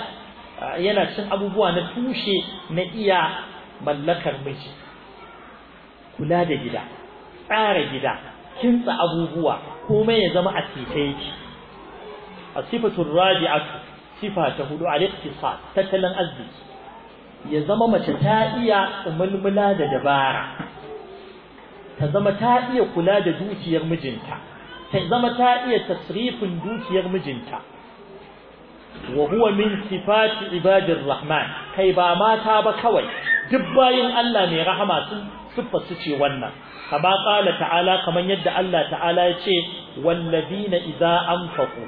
yana cikin abubuwa na tushe na iya mallakar miji kula da gida tsara gida kinsa abubuwa komai ya zama a sifai a sifatun rabi'atu sifa ta hudu a liktisa tattalin arziki ya zama mace ta iya mulmula da dabara ta zama ta iya kula da dukiyar mijinta ta zama ta iya tasrifin dukiyar mijinta wa huwa min sifati ibadir rahman kai ba mata ba kawai duk bayin Allah mai rahama sun siffa ce wannan kama qala ta'ala kaman yadda Allah ta'ala ya ce wallazina idza anfaqu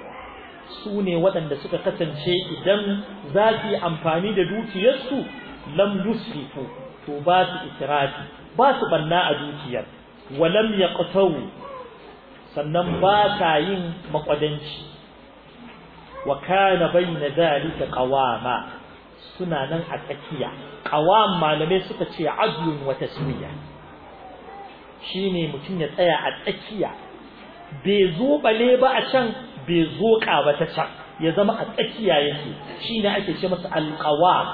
sune waɗanda suka kasance idan za su yi amfani da dukiyarsu lam yusrifu to ba su israfi ba su banna a dukiyar walam yaqtawu sannan ba ta yin makwadanci wa kana bayna dalika qawama suna nan a tsakiya qawam malamai suka ce adlun wa taswiya shine mutum ya tsaya a tsakiya bai zo bale ba a can bai zo ka ba ta can ya zama a tsakiya yake shine ake ce masa qawam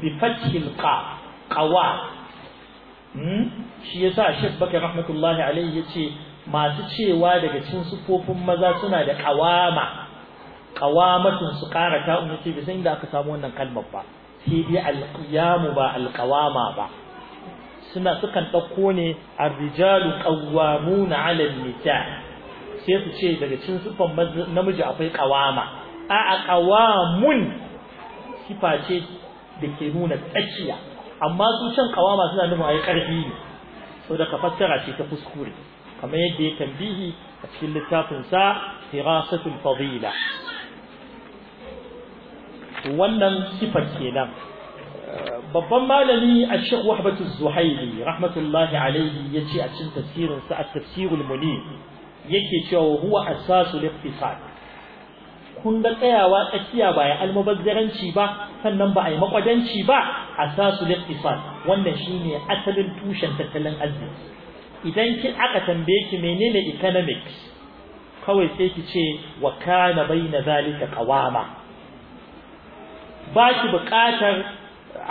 bi fathil qa qawam hmm? shi yasa Sheikh Bakar rahmatullahi alaihi yace masu cewa daga cikin sufofin maza suna da qawama qawamatun su ƙara ta umma ce bisan inda aka samu wannan kalmar ba sai dai alqiyamu ba alqawama ba suna sukan ɗauko ne ar-rijalu qawwamuna 'ala an-nisa sai su ce daga cikin sufan namiji akwai qawama a a qawamun sifa ce da ke nuna tsakiya amma su can qawama suna nufin ai karfi ne saboda ka fassara ce ta kuskure kamar yadda ya tambihi a cikin littafin sa firasatul fadila wannan sifar kenan babban malami a shek wahbatu zuhaili rahmatullahi alaihi ya ce a cikin tafsirinsa a tasirul muni yake cewa huwa sasu liqtisad kun ga tsayawa tsakiya ba ya almubazzaranci ba sannan ba a yi makwadanci ba sasu liqtisad wannan shine asalin tushen tattalin arziki idan ki aka tambaye ki menene economics kawai sai ki ce wa kana baina zalika qawama ba shi buƙatar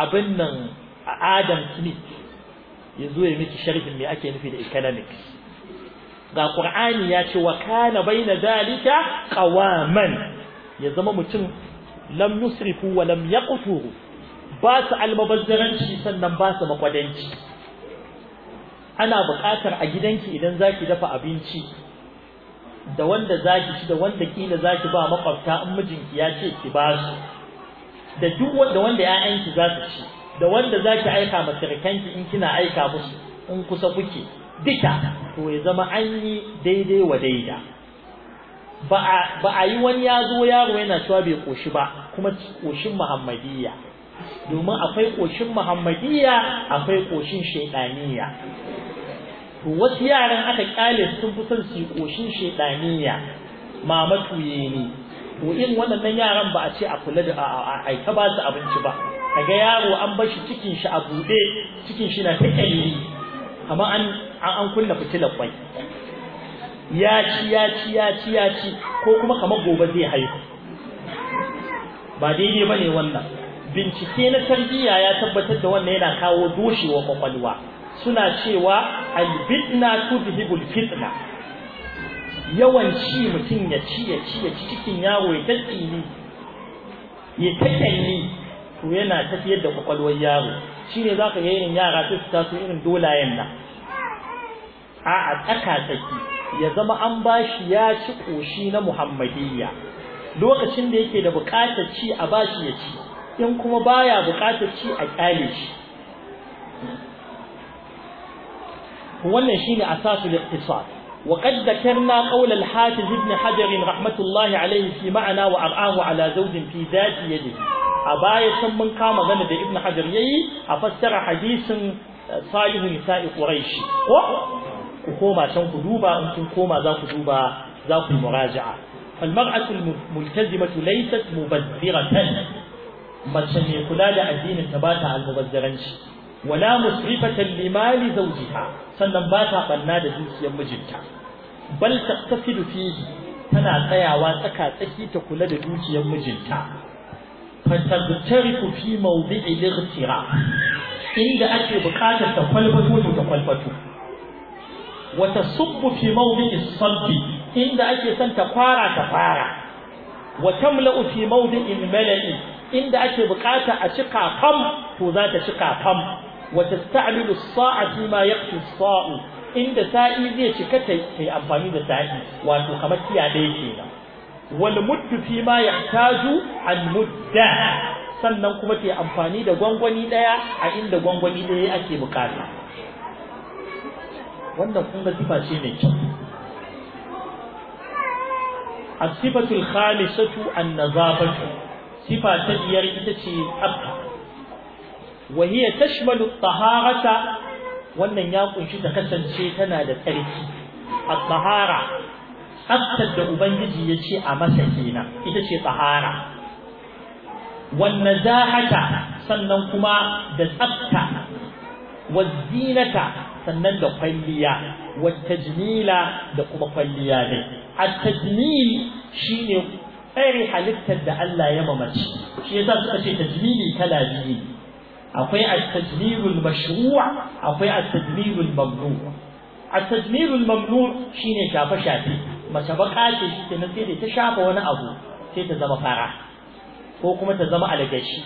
abin nan Adam Smith ya zo ya miki sharhin me ake nufi da economics ga Qur'ani ya ce wa kana baina zalika qawaman ya zama mutum lam yusrifu wa lam yaqtur ba su almabazzaranci sannan ba su makwadanci ana buƙatar a gidanki idan zaki dafa abinci da wanda zaki ci da wanda kila zaki ba makwabta in mijinki ya ce ki ba su da duk wanda wanda ƴaƴanki za su ci da wanda za ki aika ma in kina aika musu in kusa kuke duka to ya zama an yi daidai wa daida ba a yi wani ya zo yaro yana cewa bai koshi ba kuma ƙoshin muhammadiyya domin akwai ƙoshin muhammadiyya akwai koshin shaidaniya to wasu yaran aka kyale sun fi son su koshin shaidaniya mama tuye ne to in waɗannan yaran ba a ce a kula da a ta ba su abinci ba kaga yaro an bar shi cikin shi a buɗe cikin shi na ta yi kamar an an kunna fitilar kwai ya ci ya ci ya ci ya ci ko kuma kamar gobe zai haihu ba daidai bane wannan bincike na tarbiyya ya tabbatar da wannan yana kawo doshewa kwakwalwa suna cewa albitna tudhibul fitna yawan ci mutum ya ci ya ci ya ci cikin yawo ya ne ya to yana tafiyar da kwakwalwar yaro za ka ga irin yara su taso irin dolayen nan a a tsaka tsaki ya zama an ba shi ya ci ƙoshi na muhammadiyya lokacin da yake da bukatar ci a bashi ya ci in kuma baya bukatar ci a kyale shi wannan shine asasul iqtisad وقد ذكرنا قول الحافظ ابن حجر رحمة الله عليه في معنى وأرآه على زوج في ذات يده أباية من قام ذنب ابن حجر يي أفسر حديث آه، صالح نساء قريش وكما تنقدوبا أنتم كما ذاكدوبا ذاك المراجعة فالمرأة الملتزمة ليست مبذرة مثل يقول الدين تباتها المبذرنش wala musrifatan limali zawjiha sannan ba ta banna da dukiyar mijinta bal taqtasidu fihi tana tsayawa tsaka tsaki ta kula da dukiyar mijinta fatabtariku fi mawdi'i al-ightira inda ake buƙatar ta kwalfato to ta kwalfato wata subbu fi mawdi'i sabbi inda ake son ta fara ta fara wa tamla'u fi mawdi'in mala'i inda ake buƙata a cika kam to za ta cika kam wa tasta'milu as-sa'a fi ma yaqtu as-sa'u inda sa'i zai cika tai amfani da sa'i wato kamar ya dai kenan wal muddu fi ma yahtaju al-mudda sannan kuma tai amfani da gwangwani ɗaya a inda gwangwani daya ake bukata wannan kun ga sifa ce mai kyau الصفة الخامسة النظافة صفة تدير إتشي أبقى wa hiya tashmalu wannan ya kunshi ta kasance tana da tsarki at-tahara tsaftar da ubangiji yace a masa kenan ita ce tahara wan nazahata sannan kuma da tsafta wa zinata sannan da kwalliya wa tajmila da kuma kwalliya ne at-tajmil shine tsari halittar da Allah ya mamaci shi yasa suka ce tajmili kala biyu akwai at-tajmirul mashru' akwai at-tajmirul mamnu' at-tajmirul mamnu' shine shafa shafi mace baka ce shi na sai ta shafa wani abu sai ta zama fara ko kuma ta zama algashi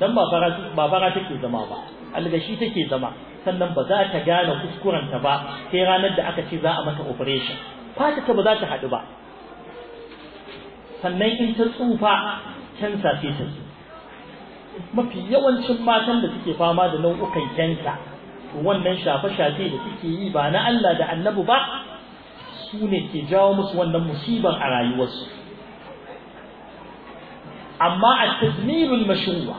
dan ba fara ba fara take zama ba algashi take zama sannan ba za ta gane ta ba sai ranar da aka ce za a mata operation fata ta ba za ta haɗu ba sannan in ta tsufa can sai ta tsufa mafi yawancin matan da suke fama da nau'ukan kyansa wannan shafe-shafe da suke yi ba na Allah da annabi ba su ne ke jawo musu wannan musibar a rayuwarsu amma a tazmirul mashuwa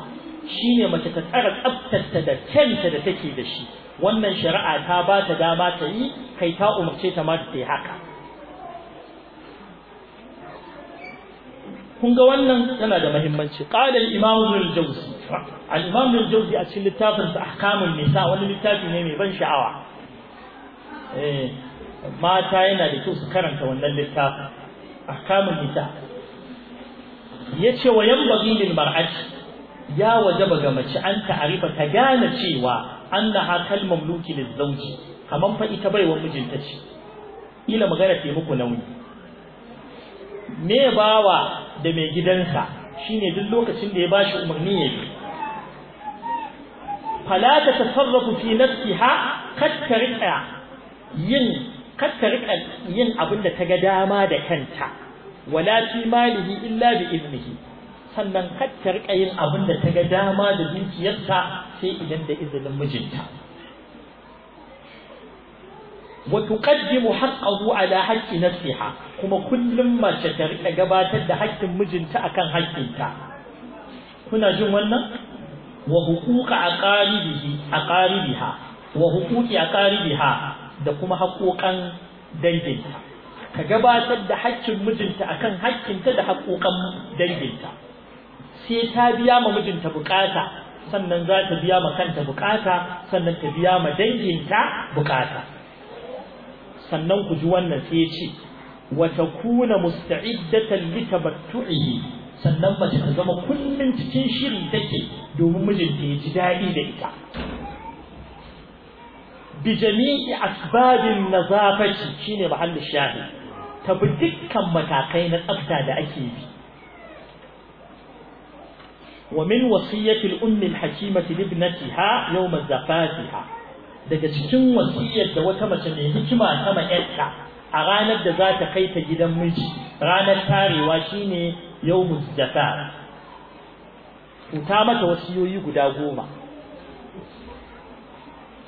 shine mace ta tsara tsaftarta da kyanta da take da shi wannan shari'a ta ba ta dama ta yi kai ta umarce ta ma ta yi haka kun ga wannan yana da muhimmanci qala al-imam al-jawzi al-imam al-jawzi a cikin littafin sa ahkamun nisa wani littafi ne mai ban sha'awa eh mata yana da kyau su karanta wannan littafin ahkamun nisa yace wa yanbaghi lil mar'ati ya wajaba ga mace an ta'arifa ta gane cewa annaha kal mamluki lil zawji kaman fa ita baiwa mijinta ce ila magana ce muku nauyi me bawa da mai gidansa shine duk lokacin da ya ba shi umarni ya yi fala ta sarrafa fi nafsiha kad riƙa yin yin abin da ta ga dama da kanta wala fi malihi illa bi iznihi sannan kakka ta riƙa yin abin da ta ga dama da dukiyarta sai idan da izinin mijinta وتقدم حقه على حق نفسها كما كل ما تترك قبات حق مجنتا أكن حقنتا هنا jin وحقوق أقاربه أقاربها وحقوق أقاربها da kuma haƙoƙan danginta ka gabatar da haƙƙin mijinta akan haƙƙinta da haƙoƙan danginta sai ta biya ma mijinta bukata sannan za ta biya ma kanta bukata sannan ta biya ma danginta bukata sannan ku ji wannan sai ya ce wa takuna musta'iddatan li sannan mace ta zama kullun cikin shiri take domin mijinta ya ji dadi da ita bi jami'i asbabin nazafati shine mahallin shahi ta bi dukkan matakai na tsafta da ake bi ومن وصية الأم الحكيمة لابنتها يوم زفافها daga cikin wasiyar da wata mace mai hikima ta ma'yarta a ranar da za ta kai ta gidan miji ranar tarewa shine yawmuz jafa to ta mata wasiyoyi guda goma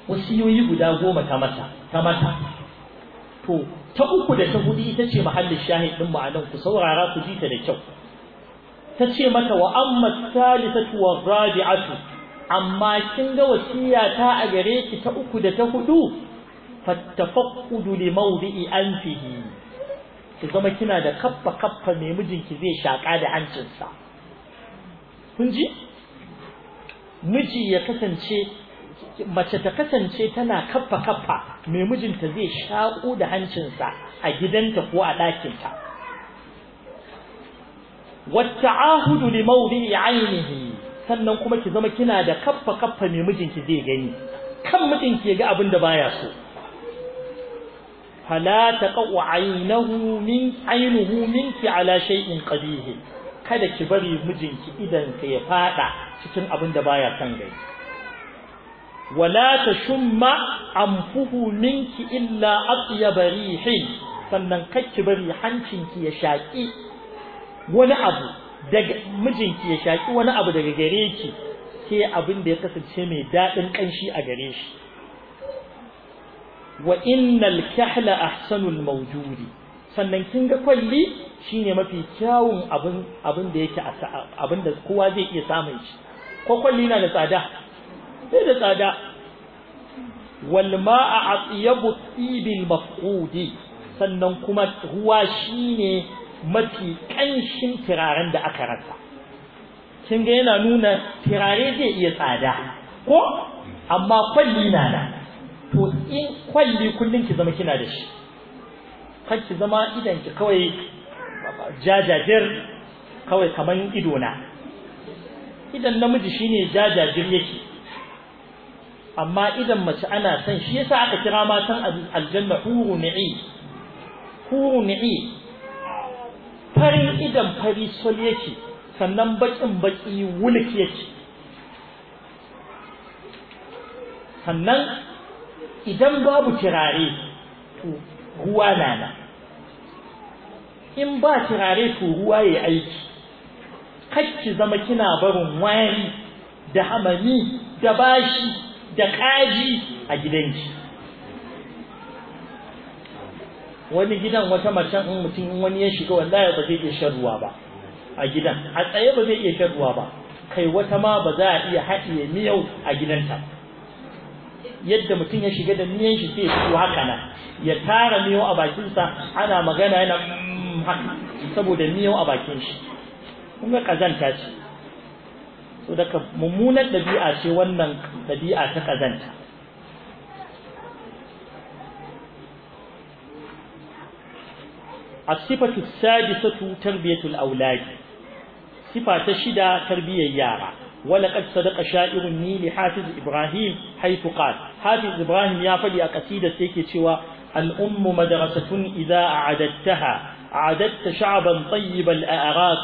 wasiyoyi guda goma ta mata ta mata to ta uku da ta hudu ita ce mahallin shahid din mu anan ku saurara ku ji ta da kyau Ta ce mata wa amma thalithatu wa rabi'atu amma kin ga wasiya ta a gare ki ta uku da ta hudu fattafaqqudu li mawdi'i anfihi ki zama kina da kaffa kaffa mai mijinki zai shaka da hancinsa kun ji miji ya kasance mace ta kasance tana kaffa kaffa mai mijinta zai shaku da hancinsa a gidanta ko a ɗakinta والتعاهد لموضع عينه sannan kuma ki zama kina da kaffa kaffa mai mijinki zai gani kan mijinki ya ga abin da baya so fala taqwa aynahu min aynuhu minki ala shay'in qadih kada ki bari mijinki idan ka ya fada cikin abin da baya son gani wala tashumma anfuhu minki illa atyab rihin sannan ki bari hancinki ya shaki wani abu daga mijinki ya shaki wani abu daga gare ki sai abin da ya kasance mai daɗin ƙanshi a gare shi wa innal kahla ahsanul mawjudi sannan kin ga kwalli shine mafi kyawun abin abin da yake abin da kowa zai iya samun shi ko kwalli na da tsada sai da tsada wal ma'a atyabu tibil mafqudi sannan kuma ruwa shine mafi ƙanshin turaren da aka rasa kin ga yana nuna turare zai iya tsada ko amma kwalli na da to in kwalli kullum ki zama kina da shi kan ki zama idan ki kawai jajajir kawai kaman ido idan namiji shine jajajir yake amma idan mace ana son shi yasa aka kira matan aljanna huru ni'i huru ni'i farin idan fari sol yake sannan bakin baki wulk yake sannan idan babu kirare to ruwa na na in ba kirare to ruwa yayi aiki kacci zama kina barin wari da hamami da bashi da kaji a gidanki wani gidan wata mace in mutum in wani ya shiga wallahi ba zai iya shan ruwa ba a gidan a tsaye ba zai iya shan ruwa ba kai wata ma ba za a iya haɗiye miyau a gidanta yadda mutum ya shiga da miyan shi sai su haka nan ya tara miyau a bakinsa ana magana yana mm, haka saboda miyau a bakin shi kun ga kazanta ce so daga mummunar ɗabi'a ce wannan ɗabi'a ta kazanta الصفة السادسة تربية الأولاد صفة تشدى تربية يارا ولقد صدق شائر النيل لحافظ إبراهيم حيث قال حافظ إبراهيم يافلي قصيدة سيكي شوى الأم مدرسة إذا أعددتها أعددت شعبا طيب الأعراق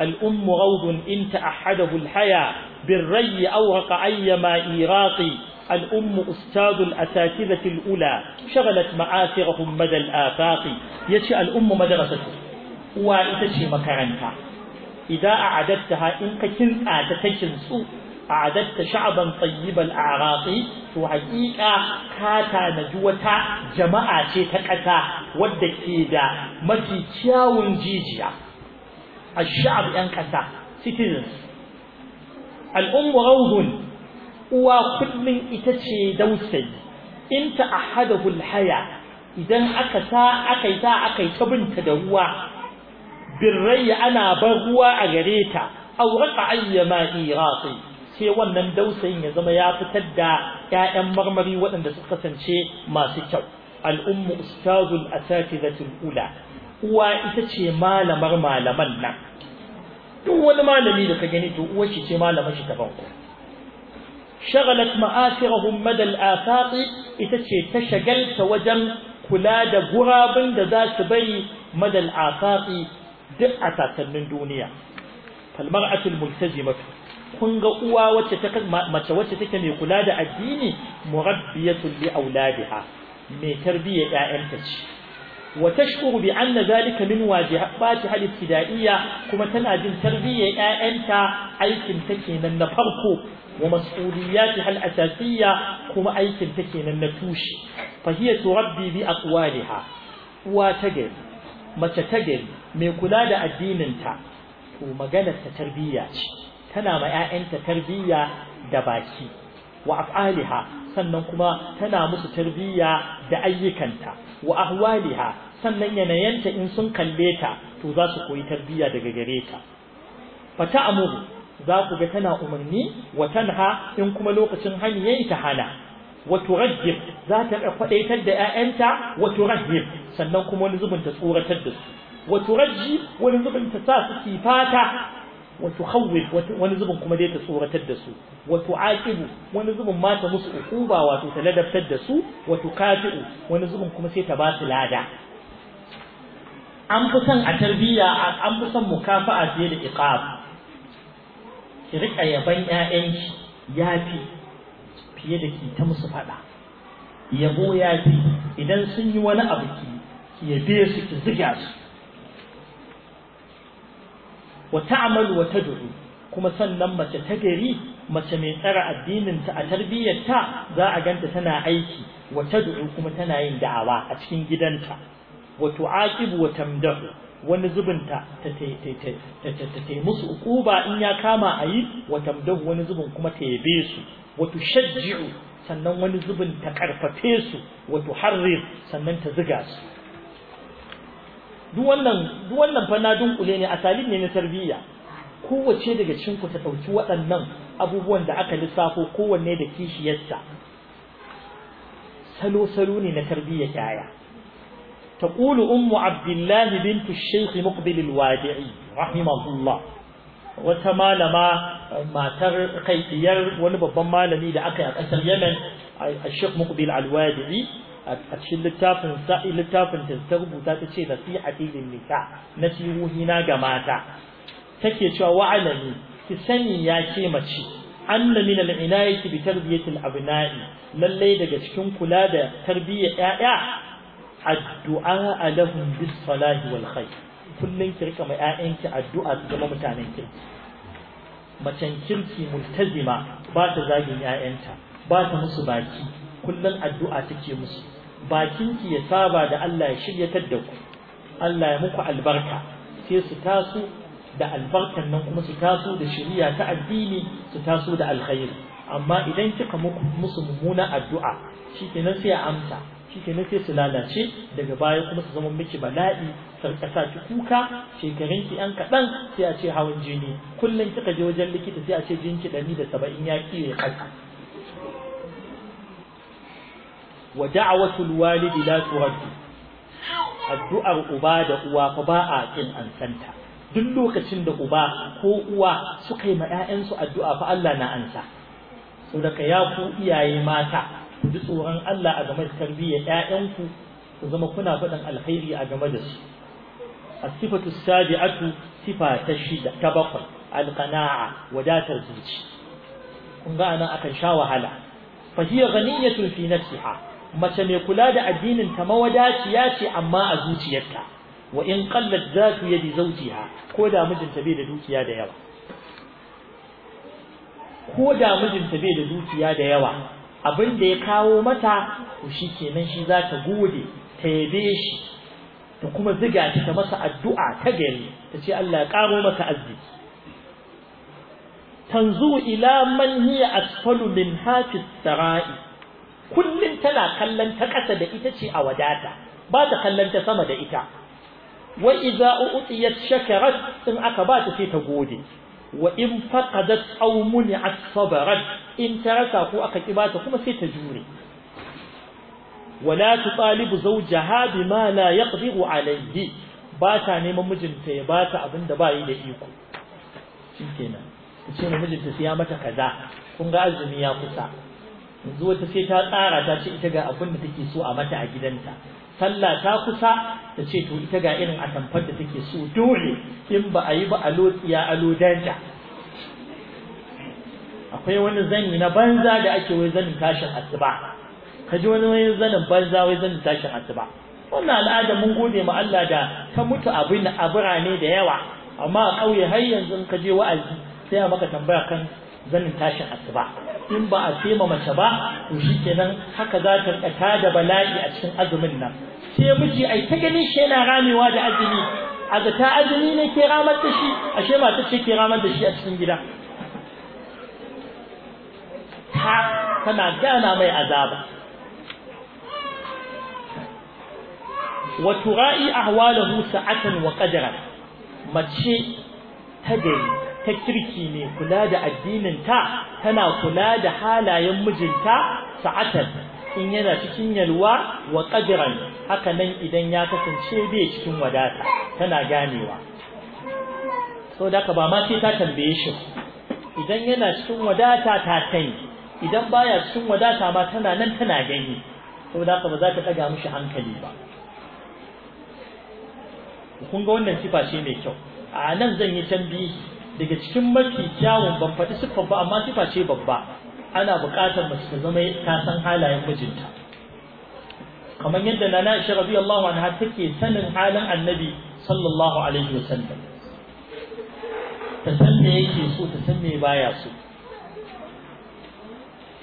الأم روض إن تأحده الحيا بالري أورق أيما إيراقي الأم أستاذ الأساتذة الأولى شغلت مآثرهم مدى الآفاق يشي الأم مدرسة وإتشي مكرنها إذا أعددتها إنك كنت أتتشن سوء أعددت شعبا طيب الأعراق وعيئة كاتا نجوة جماعة تكتا ودكيدا مجي تياون جيجيا الشعب أنكتا citizens الأم روض uwa kullum ita ce dausayi in ta ahadahu idan aka sa aka yi ta aka yi ta binta da ruwa birrai ana bar ruwa a gare ta a raqa ayyama irasi sai wannan dausayin ya zama ya fitar da ƴaƴan marmari waɗanda suka kasance masu kyau al'ummu ustazul asatizatul ula uwa ita ce malamar malaman nan duk wani malami da ka gani to uwa ce ce malamar shi ta farko shagalat ma'asirahum madal afaqi ita ce ta shagalta wajen kula da gurabin da za su bari madal afaqi duk a sasannin duniya falmar'atul multazimatu kun ga uwa wacce ta mace wacce take mai kula da addini murabbiyatul li auladiha mai tarbiyyar ƴaƴanta ce anna وتشعر بأن ذلك من kuma tana jin تنادين 'ya'yanta aikinta kenan na farko. ومسؤولياتها الأساسية كما أيك الذكي نمتوش فهي تربي بأقوالها وتجد ما تجد من كلاد الدين انت ومجالة تربية تنا ما أنت تربية دباكي وأفعالها sannan kuma tana musu tarbiyya da ayyukanta wa awaliha sannan yanayanta in sun kalle ta to zasu koyi tarbiyya daga gare ta fata amuru za ku ga tana umarni wa tanha in kuma lokacin hanyar ta hana wa turajjib za ta faɗaitar da 'ya'yanta wa turajjib sannan kuma wani zubin ta tsoratar da su wa turajji wani zubin ta sa su sifata wa hauwe wani zubin kuma dai ta tsoratar da su wa tu'aqibu wani zubin ma ta musu ukuba wato ta ladabtar da su wa tukafi'u wani zubin kuma sai ta ba su lada an fi son a tarbiyya an fi son mukafa'a fiye da iqab ki rika yaban ƴaƴanki fi fiye da ki ta musu faɗa yabo ya yafi idan sun yi wani abu ki ki yabe su ki ziga su Wata ta'malu wa tad'u kuma sannan mace ta gari mace mai tsara addininta a tarbiyyarta za a ganta tana aiki wa tad'u kuma tana yin da'awa a cikin gidanta wa tu'aqibu wa tamdahu wani zubin ta ta musu ukuba in ya kama a yi wa wani zubin kuma ta yabe su wa tushajji'u sannan wani zubin ta karfafe su wa harri sannan ta ziga su duk wannan duk fa na dunkule ne asalin ne na tarbiyya kowace daga cikin ku ta dauki waɗannan abubuwan da aka lissafo kowanne da kishiyarsa salo salo ne na tarbiyya yaya تقول أم عبد الله بنت الشيخ مقبل الوادعي رحمه الله وتمالما ما تر قيديار ونبب مالني لأكي أكثر يمن الشيخ مقبل الوادعي a cikin littafin sa'i littafin ta ta rubuta ta ce nasihati lin nisa nasihuhi na ga mata take cewa wa'alami ki sani ya ce mace anna min al bi tarbiyati abnai lallai daga cikin kula da tarbiyyar 'ya'ya addu'a lahum bis salahi wal khair kullun ki rika mai ki addu'a su zama mutanen kirki macen kirki multazima ba ta zagin ƴaƴanta ba ta musu baki kullun addu'a take musu bakinki ya saba da Allah ya shiryatar da ku Allah ya muku albarka sai su taso da albarkan nan kuma su taso da shiriya ta addini su taso da alkhairi amma idan kika muku musu mummuna addu'a shikenan sai ya amsa shi ke sai su lalace daga baya kuma su zama miki bala'i sarƙasa ki kuka shekarun ki yan kaɗan sai a ce hawan jini kullum kika je wajen likita sai a ce jinki ɗari da saba'in ya ƙi ya ƙasa wa da'awatul walidi la turaddu addu'ar uba da uwa fa ba a kin an santa duk lokacin da uba ko uwa suka yi ma 'ya'yansu addu'a fa Allah na ansa saboda ya ku iyaye mata ku ji tsoron Allah a game da tarbiyyar ƴaƴanku ku zama kuna faɗin alkhairi a game da su as-sifatu sabi'atu sifa ta shida ta bakwai al-qana'a wadatar zuci kun ga anan akan sha wahala fa hiya ghaniyatun fi nafsiha mace mai kula da addinin ta mawadaciya ce amma a zuciyarta wa in qallat zatu yadi zawjiha ko da mijinta bai da dukiya da yawa ko da mijinta bai da dukiya da yawa abin da ya kawo mata kushi shi kenan shi za ta gode ta yabe shi ta kuma ziga ta ta masa addu'a ta gari ta ce Allah ya karo masa arziki tanzu ila man hiya asfalu min hafiz sara'i kullun tana kallon ta ƙasa da ita ce a wadata ba ta kallon ta sama da ita wa idza u'tiyat shakarat in aka ba ta sai ta gode wa in faqadat aw muni'at sabarat in tarasa ko aka kibata kuma sai ta jure wala tutalibu zawjaha bima la yaqdiru alayhi ba ta neman mijinta ya bata abinda ba yi da iko shikenan ce ne mijinta sai ya mata kaza kun ga azumi ya kusa yanzu wata sai ta tsara ta ce ita ga abin da take so a mata a gidanta sallah ta kusa ta ce to ita ga irin atamfar da take so dole in ba a yi ba a lotsiya a lodanta akwai wani zani na banza da ake wai zanin tashin asuba ka wani wani zanin banza wai zanin tashin asuba wannan al'ada mun gode ma Allah da ta mutu abin a birane da yawa amma a ƙauye har yanzu in ka je wa'azi sai a maka tambaya kan zanin tashin asuba in ba a sema mace ba to shikenan haka za ta da bala'i a cikin azumin nan sai miji ai ta ganin shi yana ramewa da azumi a ga ta azumi ne ke ramar da shi ashe mata ce ke ramar da shi a cikin gida ta tana gana mai azaba wa tura'i ahwalahu sa'atan wa qadara mace ta gari ta kirki ne kula da addininta tana kula da halayen mijinta sa'atan in yana cikin yalwa wa qadran haka nan idan ya kasance bai cikin wadata tana ganewa so da ka ba ma sai ta tambaye shi idan yana cikin wadata ta sani idan baya cikin wadata ma tana nan tana gani so da ka ba za ta daga mishi hankali ba kun ga wannan sifa ce mai kyau a nan zan yi tambayi daga cikin mafi kyawun ban faɗi siffar ba amma sifa ce babba ana buƙatar mace ta zama ta san halayen mijinta kamar yadda na na shi rabi Allah anha ke sanin halin annabi sallallahu alaihi wasallam ta san me yake so ta san me baya so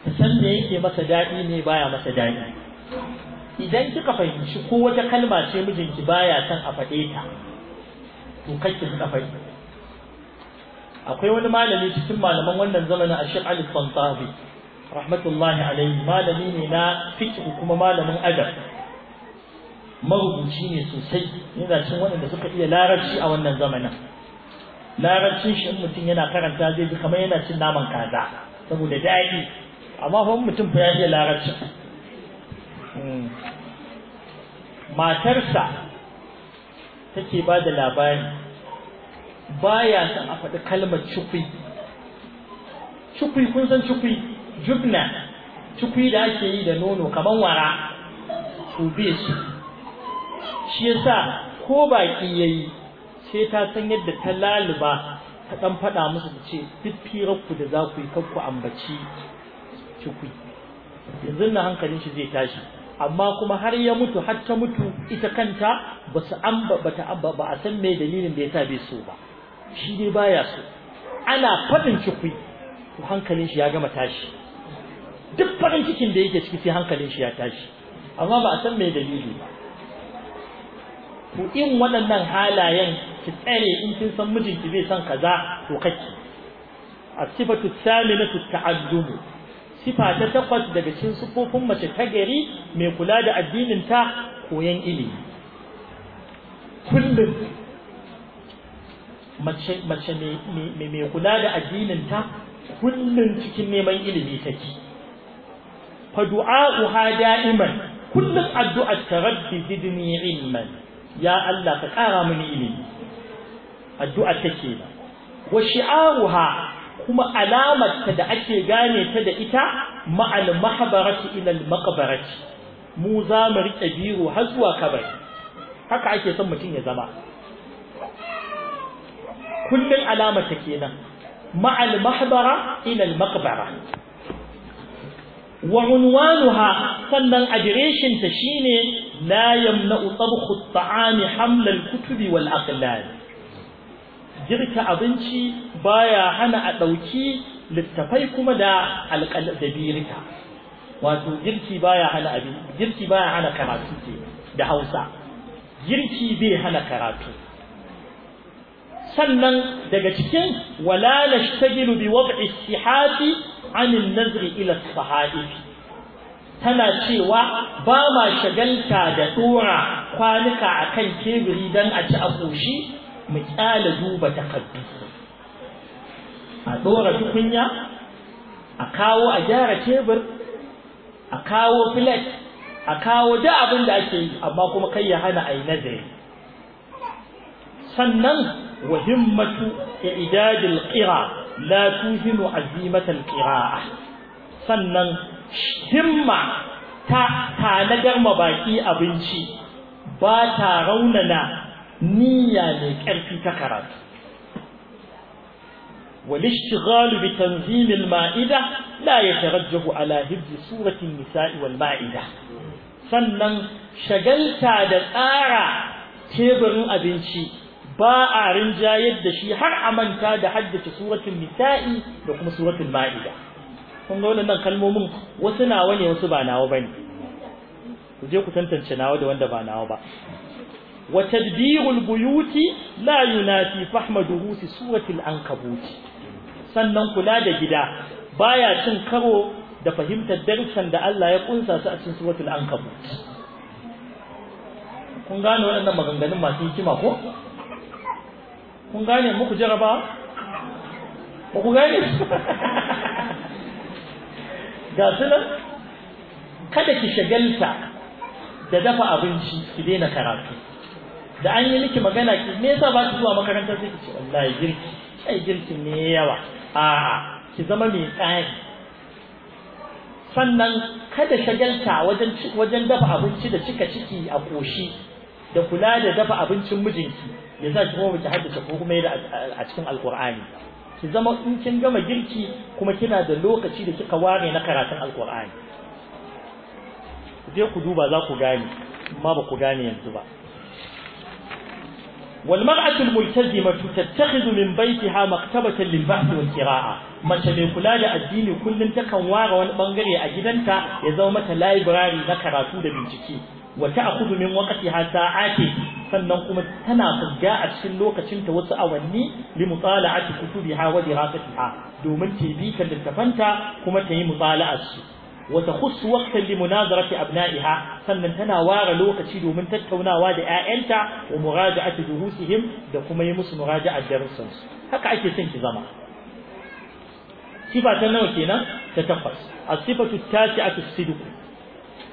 ta san me yake masa daɗi ne baya masa daɗi idan kika fahimci ko wata kalma ce mijinki baya son a faɗe ta to kake ka faɗi akwai wani malami cikin malaman wannan zamanin a Sheikh Ali Santabi rahmatullahi alaihi malami ne na fiki kuma malamin adab marubuci ne sosai yana cin waɗanda suka iya larabci a wannan zamanin larabcin shi mutum yana karanta zai ji kamar yana cin naman kaza saboda daɗi amma fa mutum fa ya iya larabcin hmm. matarsa take ba da labari baya son a faɗi kalmar cukwi cukwi kun san cukwi jubna cukwi da ake yi da nono kaman wara to bai su shi yasa ko baki yayi sai ta san yadda ta laluba ta dan faɗa musu ta ce duk firarku da za ku yi kakku ambaci cukwi yanzu na hankalin shi zai tashi amma kuma har ya mutu har ta mutu ita kanta ba su an ba ta ba a san me dalilin da ya sa bai so ba shi dai baya so ana faɗin cikwi to hankalin shi ya gama tashi duk farin cikin da yake ciki sai hankalin shi ya tashi amma ba a san me dalili ba to in waɗannan halayen ki tsare in kin san mijinki zai san kaza to kake الصفة الثامنة التعلم sifa ta takwas daga cikin sufofin mace ta gari mai kula da addinin ta koyan ilimi kullum mace mai kula da addinin ta kullum cikin neman ilimi take fa du'a'uha da'iman kullum addu'a rabbi zidni ilman ya Allah ka kara mini ilimi addu'a take wa shi'aruha kuma alamar ta da ake gane ta da ita ma'al mahbarati ila al maqbarati mu za mu riƙe biro har zuwa kabari haka ake son mutum ya zama Kullum kullun alamata kenan ma'al mahbara ilal makbara. maqbara wa unwanuha sannan adireshin ta shine la yamna'u tabkhu at-ta'ami hamla kutubi wal aqlal jirka abinci baya hana a dauki littafai kuma da alqalab da wato jirki baya hana abin jirki baya hana karatu ce da Hausa jirki bai hana karatu sannan daga cikin wala ta bi wad'i sihati an an ila as tana cewa ba ma shagalta da dora kwanuka akan teburi dan a ci a koshi mu kyale duba takaddu a dora tukunya a kawo a gyara tebur a kawo plate a kawo duk abin da ake yi amma kuma kai ya hana ai nazari sannan wa himmatu i'dad al-qira la tuhinu azimat qiraa sannan himma ta tanadar mabaki abinci ba ta raunana niyya mai ƙarfi ta karatu والاشتغال بتنظيم المائدة لا يترجح على هبز سورة النساء والمائدة sannan shagalta da tsara teburin abinci ba a rinjayar da shi har a manta da haddace suratul nisa'i da kuma suratul ma'ida kun ga wannan kalmomin wasu nawa ne wasu ba nawa bane ku je ku tantance nawa da wanda ba nawa ba wa tadbirul buyuti la yunafi fahmaduhu fi suratul ankabut sannan kula da gida baya cin karo da fahimtar darussan da Allah ya kunsa su a cikin suratul ankabut kun gane wannan maganganun masu hikima ko kun gane muku jaraba ba ku gane ga su kada ki shagalta da dafa abinci ki daina karatu da an yi miki magana ki me yasa ba ki zuwa makarantar sai ki ce wallahi girki ai girki ne yawa a'a ki zama mai tsari sannan kada shagalta wajen wajen dafa abinci da cika ciki a koshi da kula da dafa abincin mijinki ya sa shi kuma baki haddace ko kuma yana a cikin alqur'ani ki zama in kin gama girki kuma kina da lokaci da kika ware na karatun alqur'ani je ku duba za ku gane amma ba ku gane yanzu ba والمرأة الملتزمة تتخذ من بيتها مكتبة للبحث والقراءة mace mai kula da addini kullum takan ware wani bangare a gidanta ya zama mata library na karatu da bincike a kudu min waqtiha sa'ati sannan kuma tana fidda a cikin lokacin ta wasu awanni li mutala'ati kutubiha wa ha domin ta bi ta littafanta kuma ta yi mutala'ar su wa takhussu waqtan li munazarati abna'iha sannan tana ware lokaci domin tattaunawa da ƴaƴanta wa muraja'ati duhusihim da kuma yi musu muraja'ar darussan su haka ake son ki zama sifa ta nawa kenan ta takwas as-sifatu at-tasi'atu as-sidq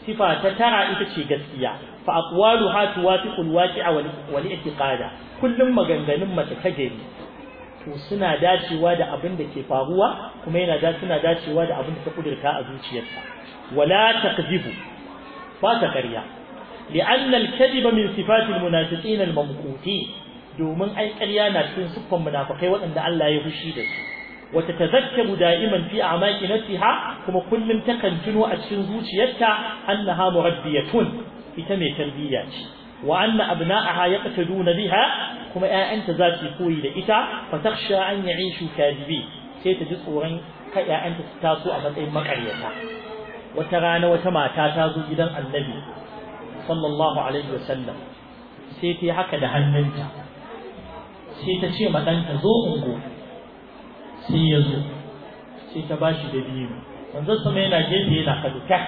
sifa ta tara ita ce gaskiya fa aqwaluha tuwafiqu alwaqi'a wal i'tiqada kullum maganganun mace ta gari to suna dacewa da abin da ke faruwa kuma yana da suna dacewa da abin da ta kudurta a zuciyarta wala takzibu ba ta ƙarya li'an al-kadhiba min sifati al-munafiqin al-mamqutin domin ai ƙarya na cikin sufan munafikai waɗanda Allah ya da su وتتذكر دائما في أعماق نفسها كما كل تكن تنو أتشن زوجيتها أنها مربية إتمي تربية وأن أبناءها يقتدون بها كما أنت ذات قوي لإتا فتخشى أن يعيشوا كاذبين سيتجد أورين كأنت ستاسو أمد مقريتها وترانا وتما تاتازو جدا النبي صلى الله عليه وسلم سيتي هكذا هننتا سيتشي مدنت زوء نقول sai ya zo sai ta ba shi da biyu manzo sama yana gefe yana kaduka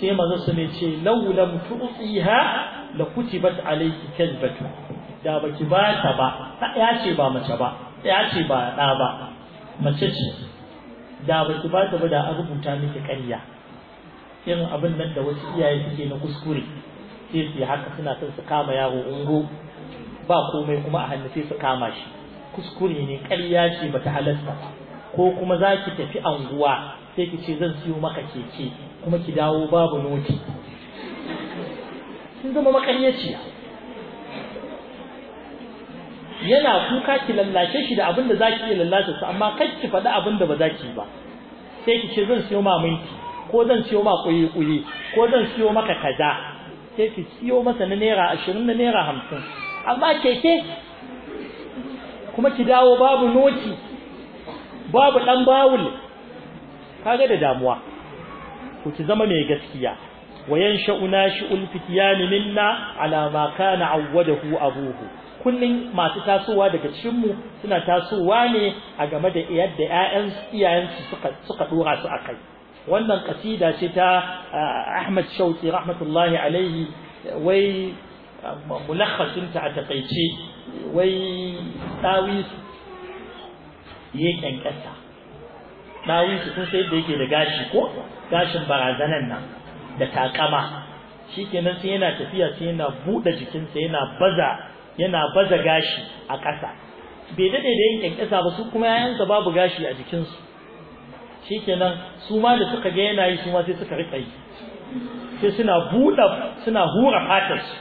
sai manzo sama ya ce laula mutu'iha la kutibat alayki kalbatu da baki ba ta ba ya ce ba mace ba ya ce ba da ba mace ce da baki ba ta ba da an rubuta miki ƙarya irin abin nan da wasu iyaye suke na kuskure sai su haka suna son su kama yaro ungo ba komai kuma a hannu sai su kama shi kuskure ne ƙarya ce bata halasta ko kuma za ki tafi anguwa sai ki ce zan siyo maka keke kuma ki dawo babu noti sun zama ce. yana kuka ki lallashe shi da abin da za ki iya lallashe su amma kar ki faɗi abin da ba za ki ba sai ki ce zan siyo ma minti ko zan siyo ma kuyi kuyi ko zan siyo maka kaza sai ki siyo masa na naira ashirin na naira hamsin amma keke kuma ki dawo babu noki babu dan bawul kaga da damuwa ku ci zama mai gaskiya wayan sha'una shi'ul fityan minna ala ma kana awwadahu abuhu kullun masu tasowa daga cikin mu suna tasowa ne a game da yadda ƴaƴan iyayen su suka suka dora su akai wannan kasida ce ta ah, Ahmad Shauki rahmatullahi alaihi wai ah, mulakhasin ta a takeice wai ɗawisu ya kyankyasa ɗawisu sun sai da yake da gashi ko gashin barazanan nan da takama shi kenan sai yana tafiya sai yana buɗe jikinsa yana baza yana baza gashi a ƙasa bai daɗe da yin kyankyasa ba su kuma yayansa babu gashi a jikinsu shi kenan su ma da suka ga yana yi su ma sai suka riƙa yi sai suna buɗe suna hura fatarsu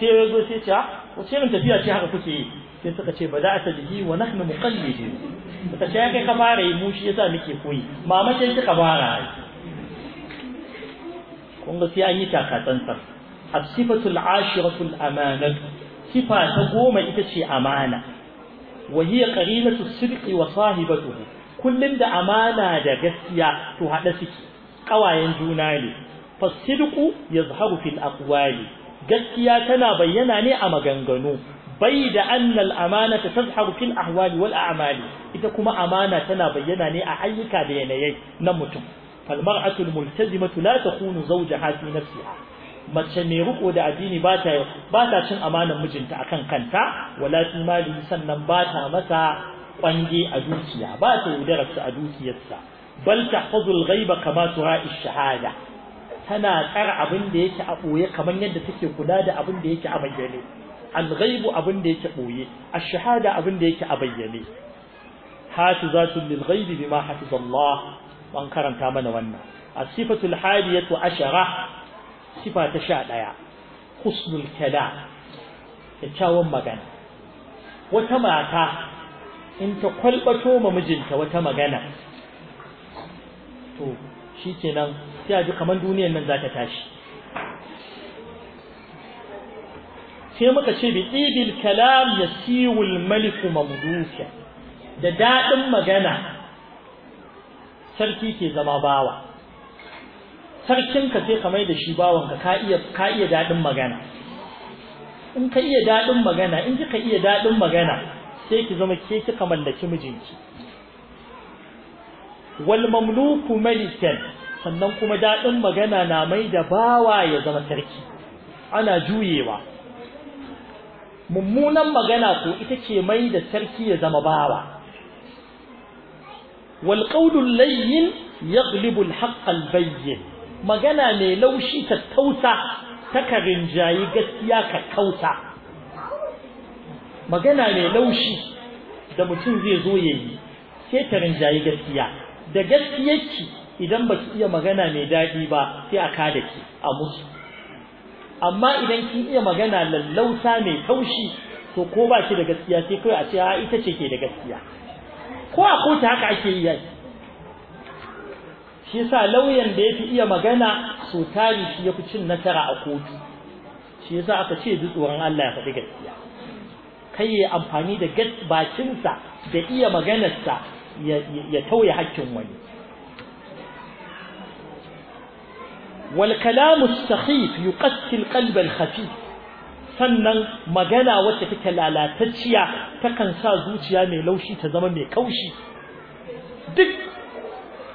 sai ya zo sai ce ah, wace tafiya ce haka kuke yi sai suka ce bada'ata bihi wa nahnu muqallidun suka ce kai ka fara yi mu shi yasa muke koyi mama ce ka fara kun ga sai an yi takatsantsar as-sifatul ashiratul amanatu sifa ta goma ita ce amana wa hiya qarinatu sidqi wa sahibatuhu Kullum da amana da gaskiya to hada suke kawayen juna ne fasidqu yazharu fil aqwali gaskiya tana bayyana ne a maganganu bai da annal amanata tazharu fil ahwali wal a'mali ita kuma amana tana bayyana ne a ayyuka da yanayi na mutum fal mar'atul multazimatu la takunu zawjaha fi nafsiha mace mai riko da addini ba ta ba ta cin amanan mijinta akan kanta wala fi mali sannan ba ta masa kwange a dukiya ba ta yaudararsa a dukiyarsa bal tahfazul ghaiba kama tura shahada tana tsara abin da yake a kamar yadda take kula da abin da yake a bayyane al-ghaibu abin da yake ɓoye ash-shahada abin da yake a bayyane hafizatul lil ghaibi bima hafiz Allah an karanta mana wannan as-sifatul hadiyatu ashara sifa ta 11 husnul kalam kyakkyawan magana wata mata in ta kwalbato ma mijinta wata magana to shikenan sai a ji kamar duniyan nan za ta tashi sai muka ce bi ibil kalam ya siwul maliku mamduka da daɗin magana sarki ke zama bawa sarkinka sai ka mai da shi bawanka ka iya ka iya daɗin magana in ka iya daɗin magana in kika iya daɗin magana sai ki zama ke kika mallaki mijinki wal mamluku malikan sannan kuma daɗin magana na mai da bawa ya zama sarki ana juyewa mummunan magana ko ita ce mai da sarki ya zama bawa wal qawlul layyin yaghlibu al bayyin magana mai laushi ta tausa ta jayi gaskiya ka tausa magana mai laushi da mutum zai zo yayi sai ta rinjayi gaskiya da gaskiyarki idan baki iya magana mai daɗi ba sai a kada ki a musu amma idan k'i iya magana lallauta mai taushi to ko ba ki da gaskiya sai kai a ce a ita ce ke da gaskiya ko a kota haka ake yi yaki shi yasa lauyan da yafi iya magana so tari shi yafi cin nasara a kotu shi yasa aka ce duk tsoron Allah ya faɗi gaskiya kai ya amfani da bakinsa da iya maganarsa ya tauye hakkin wani wal kalamu sakhif yuqattil qalbal sannan magana wacce take lalatacciya takan sa zuciya mai laushi ta zama mai kaushi duk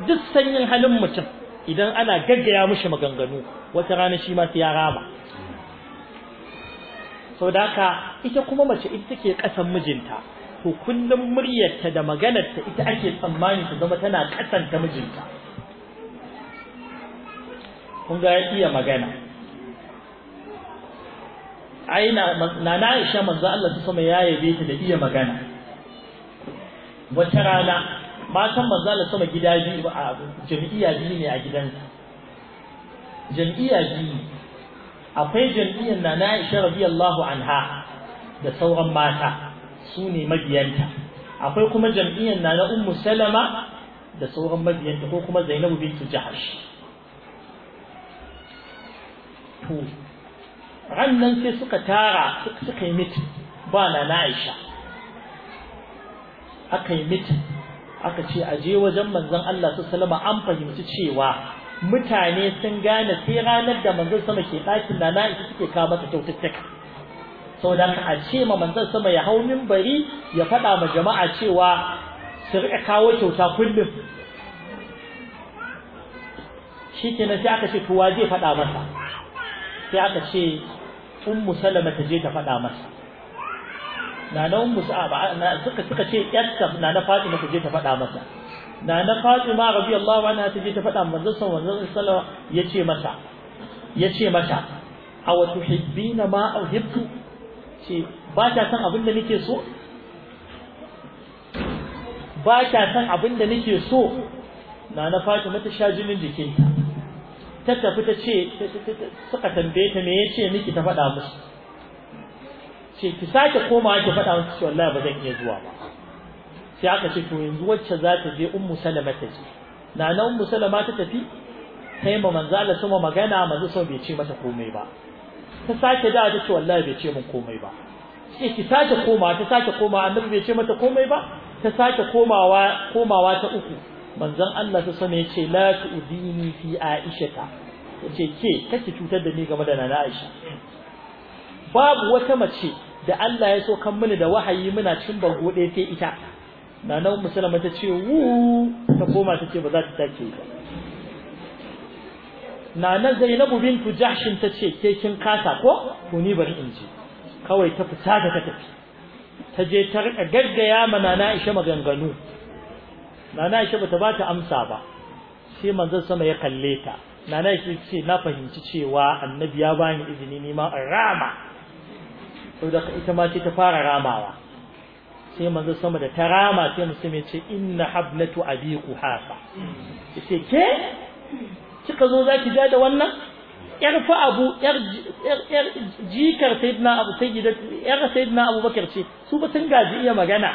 duk sanyin halin mutum idan ana gaggaya mishi maganganu wata rana shi ma sai ya rama ita kuma mace ita take kasan mijinta to kullum muryarta da maganarta ita ake tsammani ta zama tana ta mijinta kun ga ya iya magana aina na na Aisha manzo Allah ta sama ya yabe ta da iya magana wata rana matan manzo Allah sama gida biyu a jami'a biyu ne a gidansa jami'a biyu akwai jami'an na na Aisha radiyallahu anha da sauran mata su ne mabiyanta akwai kuma jami'an na na Ummu Salama da sauran mabiyanta ko kuma Zainabu bintu Jahash rannan sai suka tara suka yi mitin ba na na'isha aka yi mitin aka ce a je wajen manzon Allah su salama an fahimci cewa mutane sun gane sai ranar da manzon sama ke ɗakin na na'isha suke kawo mata kyaututtuka sau da a ce ma manzan sama ya hau bari ya faɗa ma jama'a cewa su riƙa kawo kyauta kullum shi kenan sai aka ce kowa zai faɗa masa sai aka ce ummu salama ta je ta faɗa masa nana ummu sa'aba suka suka ce yarta nana fatima ta je ta faɗa masa nana fatima radiyallahu anha ta je ta faɗa manzon sallallahu alaihi yace mata yace mata aw tuhibbina ma uhibtu ce ba ta san abin da nake so ba ta san abin da nake so nana fatima ta sha jinin jikinta ta tafi ta ce suka tambaye ta me yace miki ta faɗa musu ce ki sake komawa ki faɗa musu wallahi ba zan iya zuwa ba sai aka ce to yanzu wacce za ta je ummu salama ta ce na na ummu salama ta tafi yi ma manza da sama magana manzo sau bai ce mata komai ba ta sake da ta ce wallahi bai ce min komai ba sai ki sake komawa ta sake komawa annabi bai ce mata komai ba ta sake komawa komawa ta uku manzon Allah ta sani yace la tu'dini fi aishata yace ke kace cutar da ni game da nana Aisha babu wata mace da Allah ya so kan mini da wahayi muna cikin bango ɗaya sai ita nana ummu ta ce wu ta koma ta ce ba za ta take ba nana zainabu bintu jahsh ta ce ke kin kasa ko to ni bari in je kawai ta fita da ta tafi ta je ta rika gaggaya ma nana Aisha maganganu nana Aisha bata bata amsa ba sai manzon sama ya kalle ta nana Aisha ce na fahimci cewa annabi ya bani izini ni ma rama saboda ita ma ce ta fara ramawa sai manzon sama da ta rama sai musulmi ce inna hablatu abiku hafa yace ke kika zo zaki ja da wannan yar fa abu yar yar jikar sayyidina abu sayyida yar sayyidina abubakar ce su ba sun gaji iya magana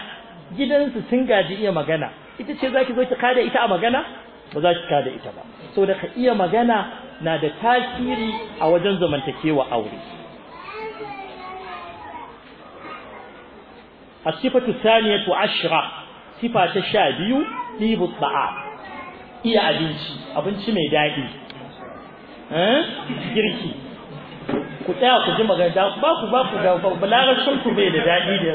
gidansu sun gaji iya magana ita ce zaki zo ki kada ita a magana ba za ki kada ita ba da ka iya magana na da tasiri a wajen zamantakewa aure asifatu sifatu thaniyatu 10 sifa ta 12 dibu ta'a iya abinci abinci mai dadi eh girki ku tsaya ku ji magana ba ku ba ku da larabcin ku bai da daɗi da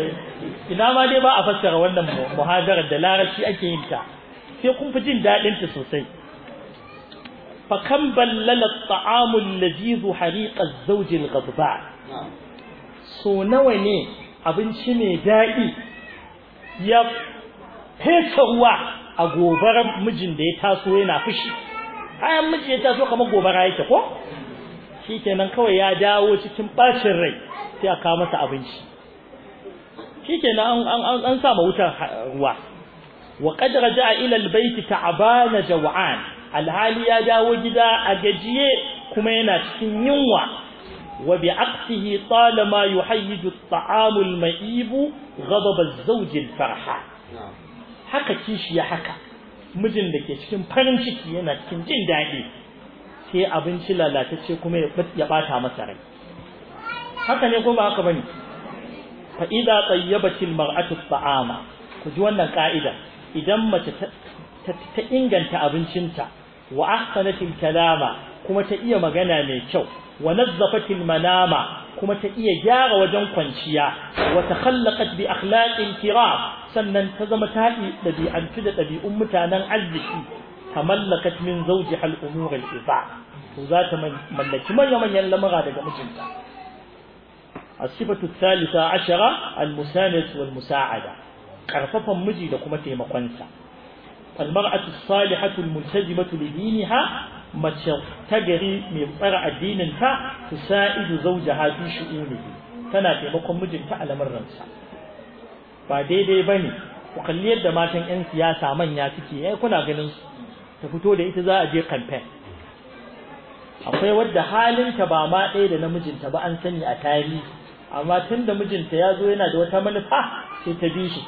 ina ma dai ba a fassara wannan muhajara da Larashi ake yin ta sai kun fi jin daɗin ta sosai fa kam ballala ta'amul ladhizu hariqa ghadba so nawa ne abinci mai daɗi ya fesa ruwa a gobarar mijin da ya taso yana fushi ayan miji ya taso kamar gobara yake ko shi kenan kawai ya dawo cikin ɓacin rai sai a kawo masa abinci shi kenan an sa ma wutar ruwa wa a ilal baiti ta ta'bana jawa'an. alhali ya dawo gida a gajiye kuma yana cikin yunwa wa bi aqtihi talama yuhayyidu at-ta'amu al-ma'ib ghadab az al-farha haka kishi ya haka mijin da ke cikin farin ciki yana cikin jin daɗi sai abinci lalatacce kuma ya bata masa rai haka ne ko ba haka bane fa idza tayyabatil mar'atu ta'ama ku ji wannan ka'ida idan mace ta inganta abincinta wa ahsanatil kalama kuma ta iya magana mai kyau wa nazzafatil manama kuma ta iya gyara wajen kwanciya wa takhallaqat bi akhlaqin kiram sannan ta zama ta ɗabi'antu da ɗabi'un mutanen arziki tamallakat min zawjihal umur al-iza to zata mallaki manyan manyan lamura daga mijinta as-sifatu thalitha ashara al-musanad wal musa'ada miji da kuma taimakon sa al-mar'atu as-salihatu al-multajimatu li dinha mace tagari mai tsara addinin ta tusaidu zawjaha fi shu'unihi tana taimakon mijinta a lamarin sa ba daidai bane ku kalli yadda matan yan siyasa manya suke eh kuna ganin su ta fito da ita za a je campaign akwai wadda halinta ba ma ɗaya da namijinta ba an sani a tarihi amma tun da mijinta ya zo yana da wata manufa sai ta bi shi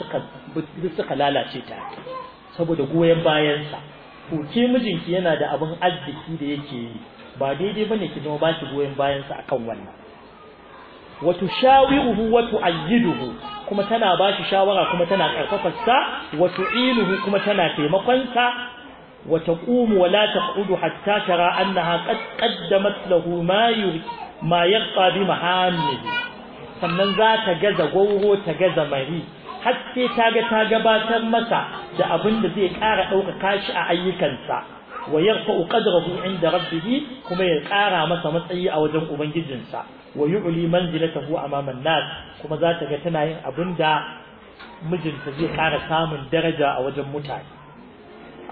suka lalace ta saboda goyon bayansa ke mijinki yana da abin arziki da yake yi ba daidai bane ki zama ba ki goyon bayansa akan wannan wa tushawiruhu wa tu'ayyiduhu kuma tana ba shi shawara kuma tana karfafa sa wa tu'iluhu kuma tana taimakon sa وتقوم ولا تقعد حتى ترى أنها قد قدمت له ما يري ما يقى بمحامله sannan za ta gaza gwauro ta gaza mari Haske ta ga ta gabatar masa da abin da zai ƙara ɗaukaka shi a ayyukansa wa yarfa'u qadrahu inda rabbih kuma ya ƙara masa matsayi a wajen ubangijinsa wa yu'li manzilatahu amama an-nas kuma za ta ga tana yin abin da mijinta zai ƙara samun daraja a wajen mutane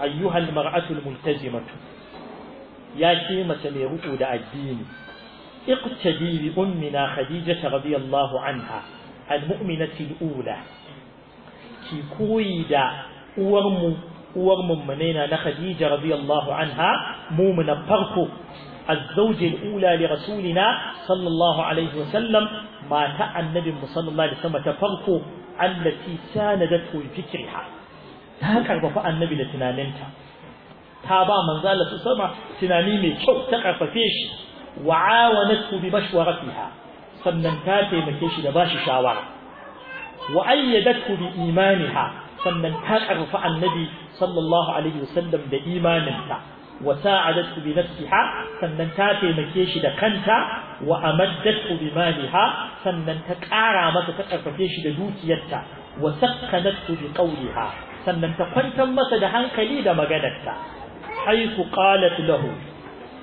أيها المرأة الملتزمة يا كيمة ميرؤود الدين اقتدي بأمنا خديجة رضي الله عنها المؤمنة الأولى كي كويدا ورم ورم منينا نخديجة رضي الله عنها مومنا بركو الزوج الأولى لرسولنا صلى الله عليه وسلم ما تأى النبي صلى الله عليه وسلم تفركو التي ساندته بفكرها ta karfafa annabi da tunaninta ta ba manzo Allah sama tunani mai kyau ta karfafe shi wa awanatu bi bashwaratiha sannan ta taimake shi da bashi shawara wa ayyadatu bi imaniha sannan ta karfafa annabi sallallahu alaihi wasallam da imaninta wa sa'adatu bi nafsiha sannan ta taimake shi da kanta wa amaddatu bi maliha sannan ta kara masa ta karfafe shi da dukiyarta wa sakkanatu bi qawliha sannan ta kwantar masa da hankali da maganarta haifu qalat lahu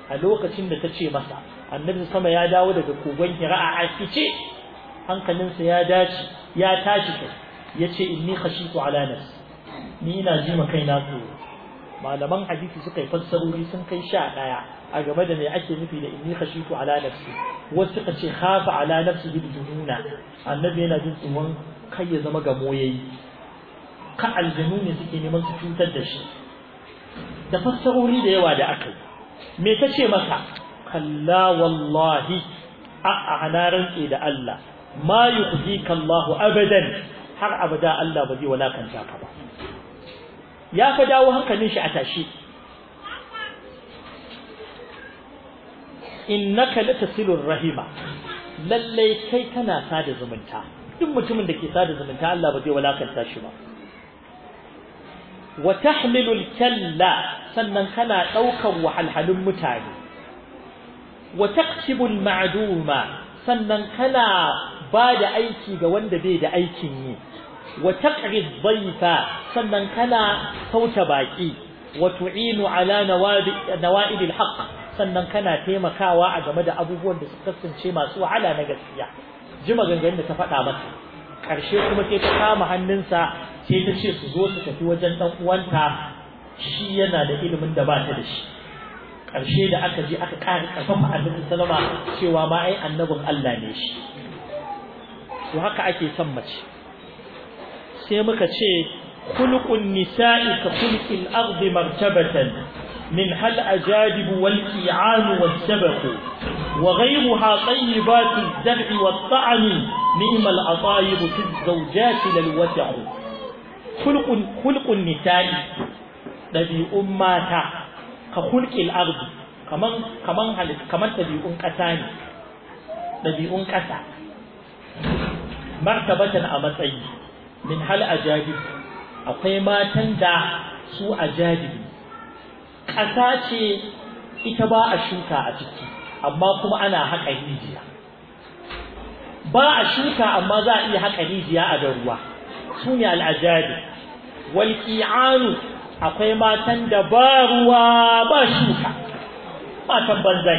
a lokacin da ta ce masa annabi sama ya dawo daga kogon hira a afice hankalinsa ya dace ya tashi kai yace inni khashitu ala nafsi ni ina ji ma na tsoro malaman hadisi suka yi fassarori sun kai sha ɗaya a game da me ake nufi da inni khashitu ala nafsi wasu suka ce khafa ala nafsi bi jununa annabi yana jin tsoron kai ya zama ga moyayi. ka aljanu ne suke neman su cutar da shi da fassarori da yawa da aka yi me ta ce masa kalla wallahi a ana rantse da Allah ma yukhzika Allahu abadan har abada Allah ba zai walakanta ka ba ya fa dawo hankalin shi a tashi innaka latasilur rahima lallai kai kana sada zumunta duk mutumin da ke sada zumunta Allah ba zai walakanta shi ba وتحمل الكلا سنن كنا دوكا وحلحل متاني وتكتب المعدومة سنن كنا بعد ايكي ga wanda bai da aikin وتقعد الضيف سنن كنا صوت باقي وتعين على نوائب الحق سنن كنا taimakawa a game da abubuwan da suka kasance masu wahala na gaskiya ji karshe kuma sai ta kama hannunsa sai ta ce su zo su tafi wajen dan uwanta shi yana da ilimin da ba ta da shi karshe da aka je aka ƙara ƙarfafa annabi sallama cewa ma ai annabin Allah ne shi to haka ake son mace sai muka ce khuluqun nisa'i ka khuluqil ardi martabatan منها الأجادب والإعان والسبق وغيرها طيبات الزرع والطعن نعم الأطايب في الزوجات للوسع خلق, خلق النساء الذي أمات كخلق الأرض كمان كمان هل كمان تبيئون كساني تبيئون كسا مرتبة أمتعي من هل أجادب أقيماتا دا سوء أجادب ƙasa ce ita ba a shuka a ciki amma kuma ana haƙa rijiya ba a shuka amma za a iya haƙa rijiya a da ruwa su ne al'ajabi walƙi'anu akwai matan da ba ruwa ba shuka matan banza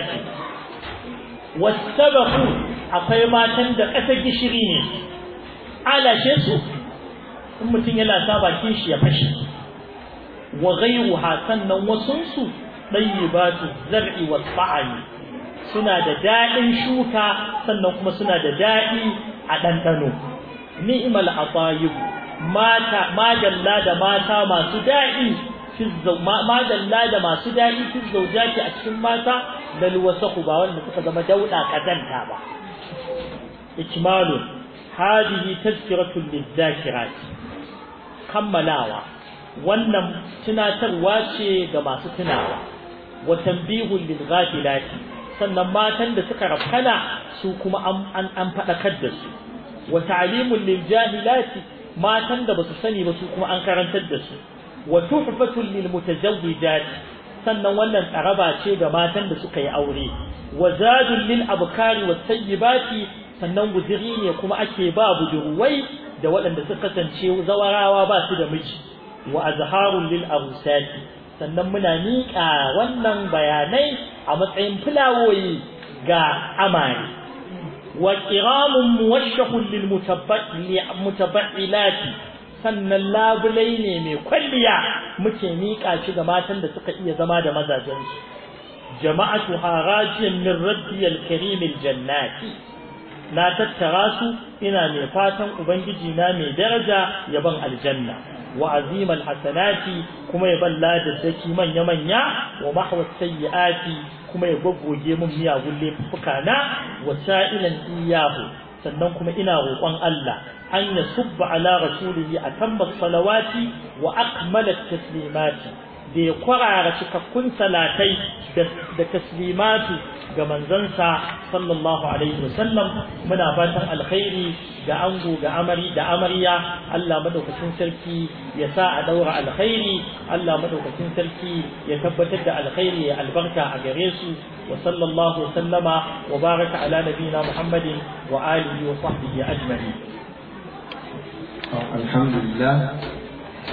Wasu akwai matan da ƙasa gishiri ne alashe su in mutum yana sa bakin shi ya fashe wa ghayruha sannan wasunsu dayyibatu zar'i suna da daɗin shuka sannan kuma suna da daɗi a ɗanɗano ni'mal atayib mata madalla da mata masu daɗi fi madalla da masu fi zaujati a cikin mata dal wasaku ba wanda suka zama dauda kazanta ba ikmalu hadihi tazkiratun lidzakirati kammalawa wannan tunatarwa ce ga masu tunawa wa tanbihul lil ghafilati sannan matan da suka rafkana su kuma an an fadakar da su wa ta'limul lil jahilati matan da basu sani ba su kuma an karantar da su wa tuhfatul lil mutazawwijati sannan wannan tsaraba ce ga matan da suka yi aure wa zadul lil abkari was sayyibati sannan guziri ne kuma ake ba bujuruwai da waɗanda suka kasance zawarawa ba su da miji wa azharun lil arusati sannan muna miƙa wannan bayanai a matsayin fulawoyi ga amani wa kiramun muwashshahun lil mutabailati sannan labulai ne mai kwalliya muke miƙa shi ga matan da suka iya zama da mazajensu jama'atu harajin min rabbiyal karimil jannati na tattara su ina mai fatan ubangiji na mai daraja yaban aljanna wa azimal hasanati kuma ya ban ladaddaki manya manya wa mahwa sayyiati kuma ya goggoge mun miyagun laifuka na wa sa'ilan iyahu sannan kuma ina roƙon Allah an yasubba ala rasulihi atamma salawati wa akmala taslimati da ya kwarara cikakkun salatai da taslimatu ga manzansa sallallahu alaihi wasallam muna fatan alkhairi ga ango ga amari da amarya Allah madaukakin sarki ya sa a daura alkhairi Allah madaukakin sarki ya tabbatar da alkhairi ya albarka a gare su wa sallallahu wasallama wa baraka ala nabina Muhammadin wa alihi wa sahbihi ajma'in alhamdulillah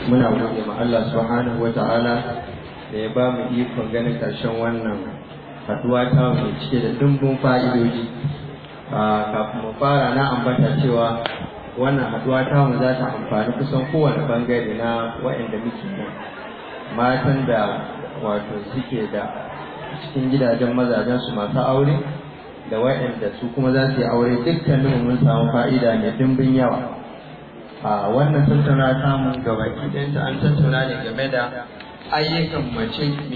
muna gode ma Allah subhanahu wa da ya ba mu ikon ganin karshen wannan haduwa ta mai cike da dimbin fa'idoji kafin mu fara na ambata cewa wannan haduwa ta mu za ta amfani kusan kowane bangare na wa'anda muke nan matan da wato suke da cikin gidajen mazajen su masu aure da wa'anda su kuma za su yi aure dukkanin mun samu fa'ida mai dimbin yawa a wannan tattauna samun gabaki ɗayanta an tattauna ne game da ayyukan mace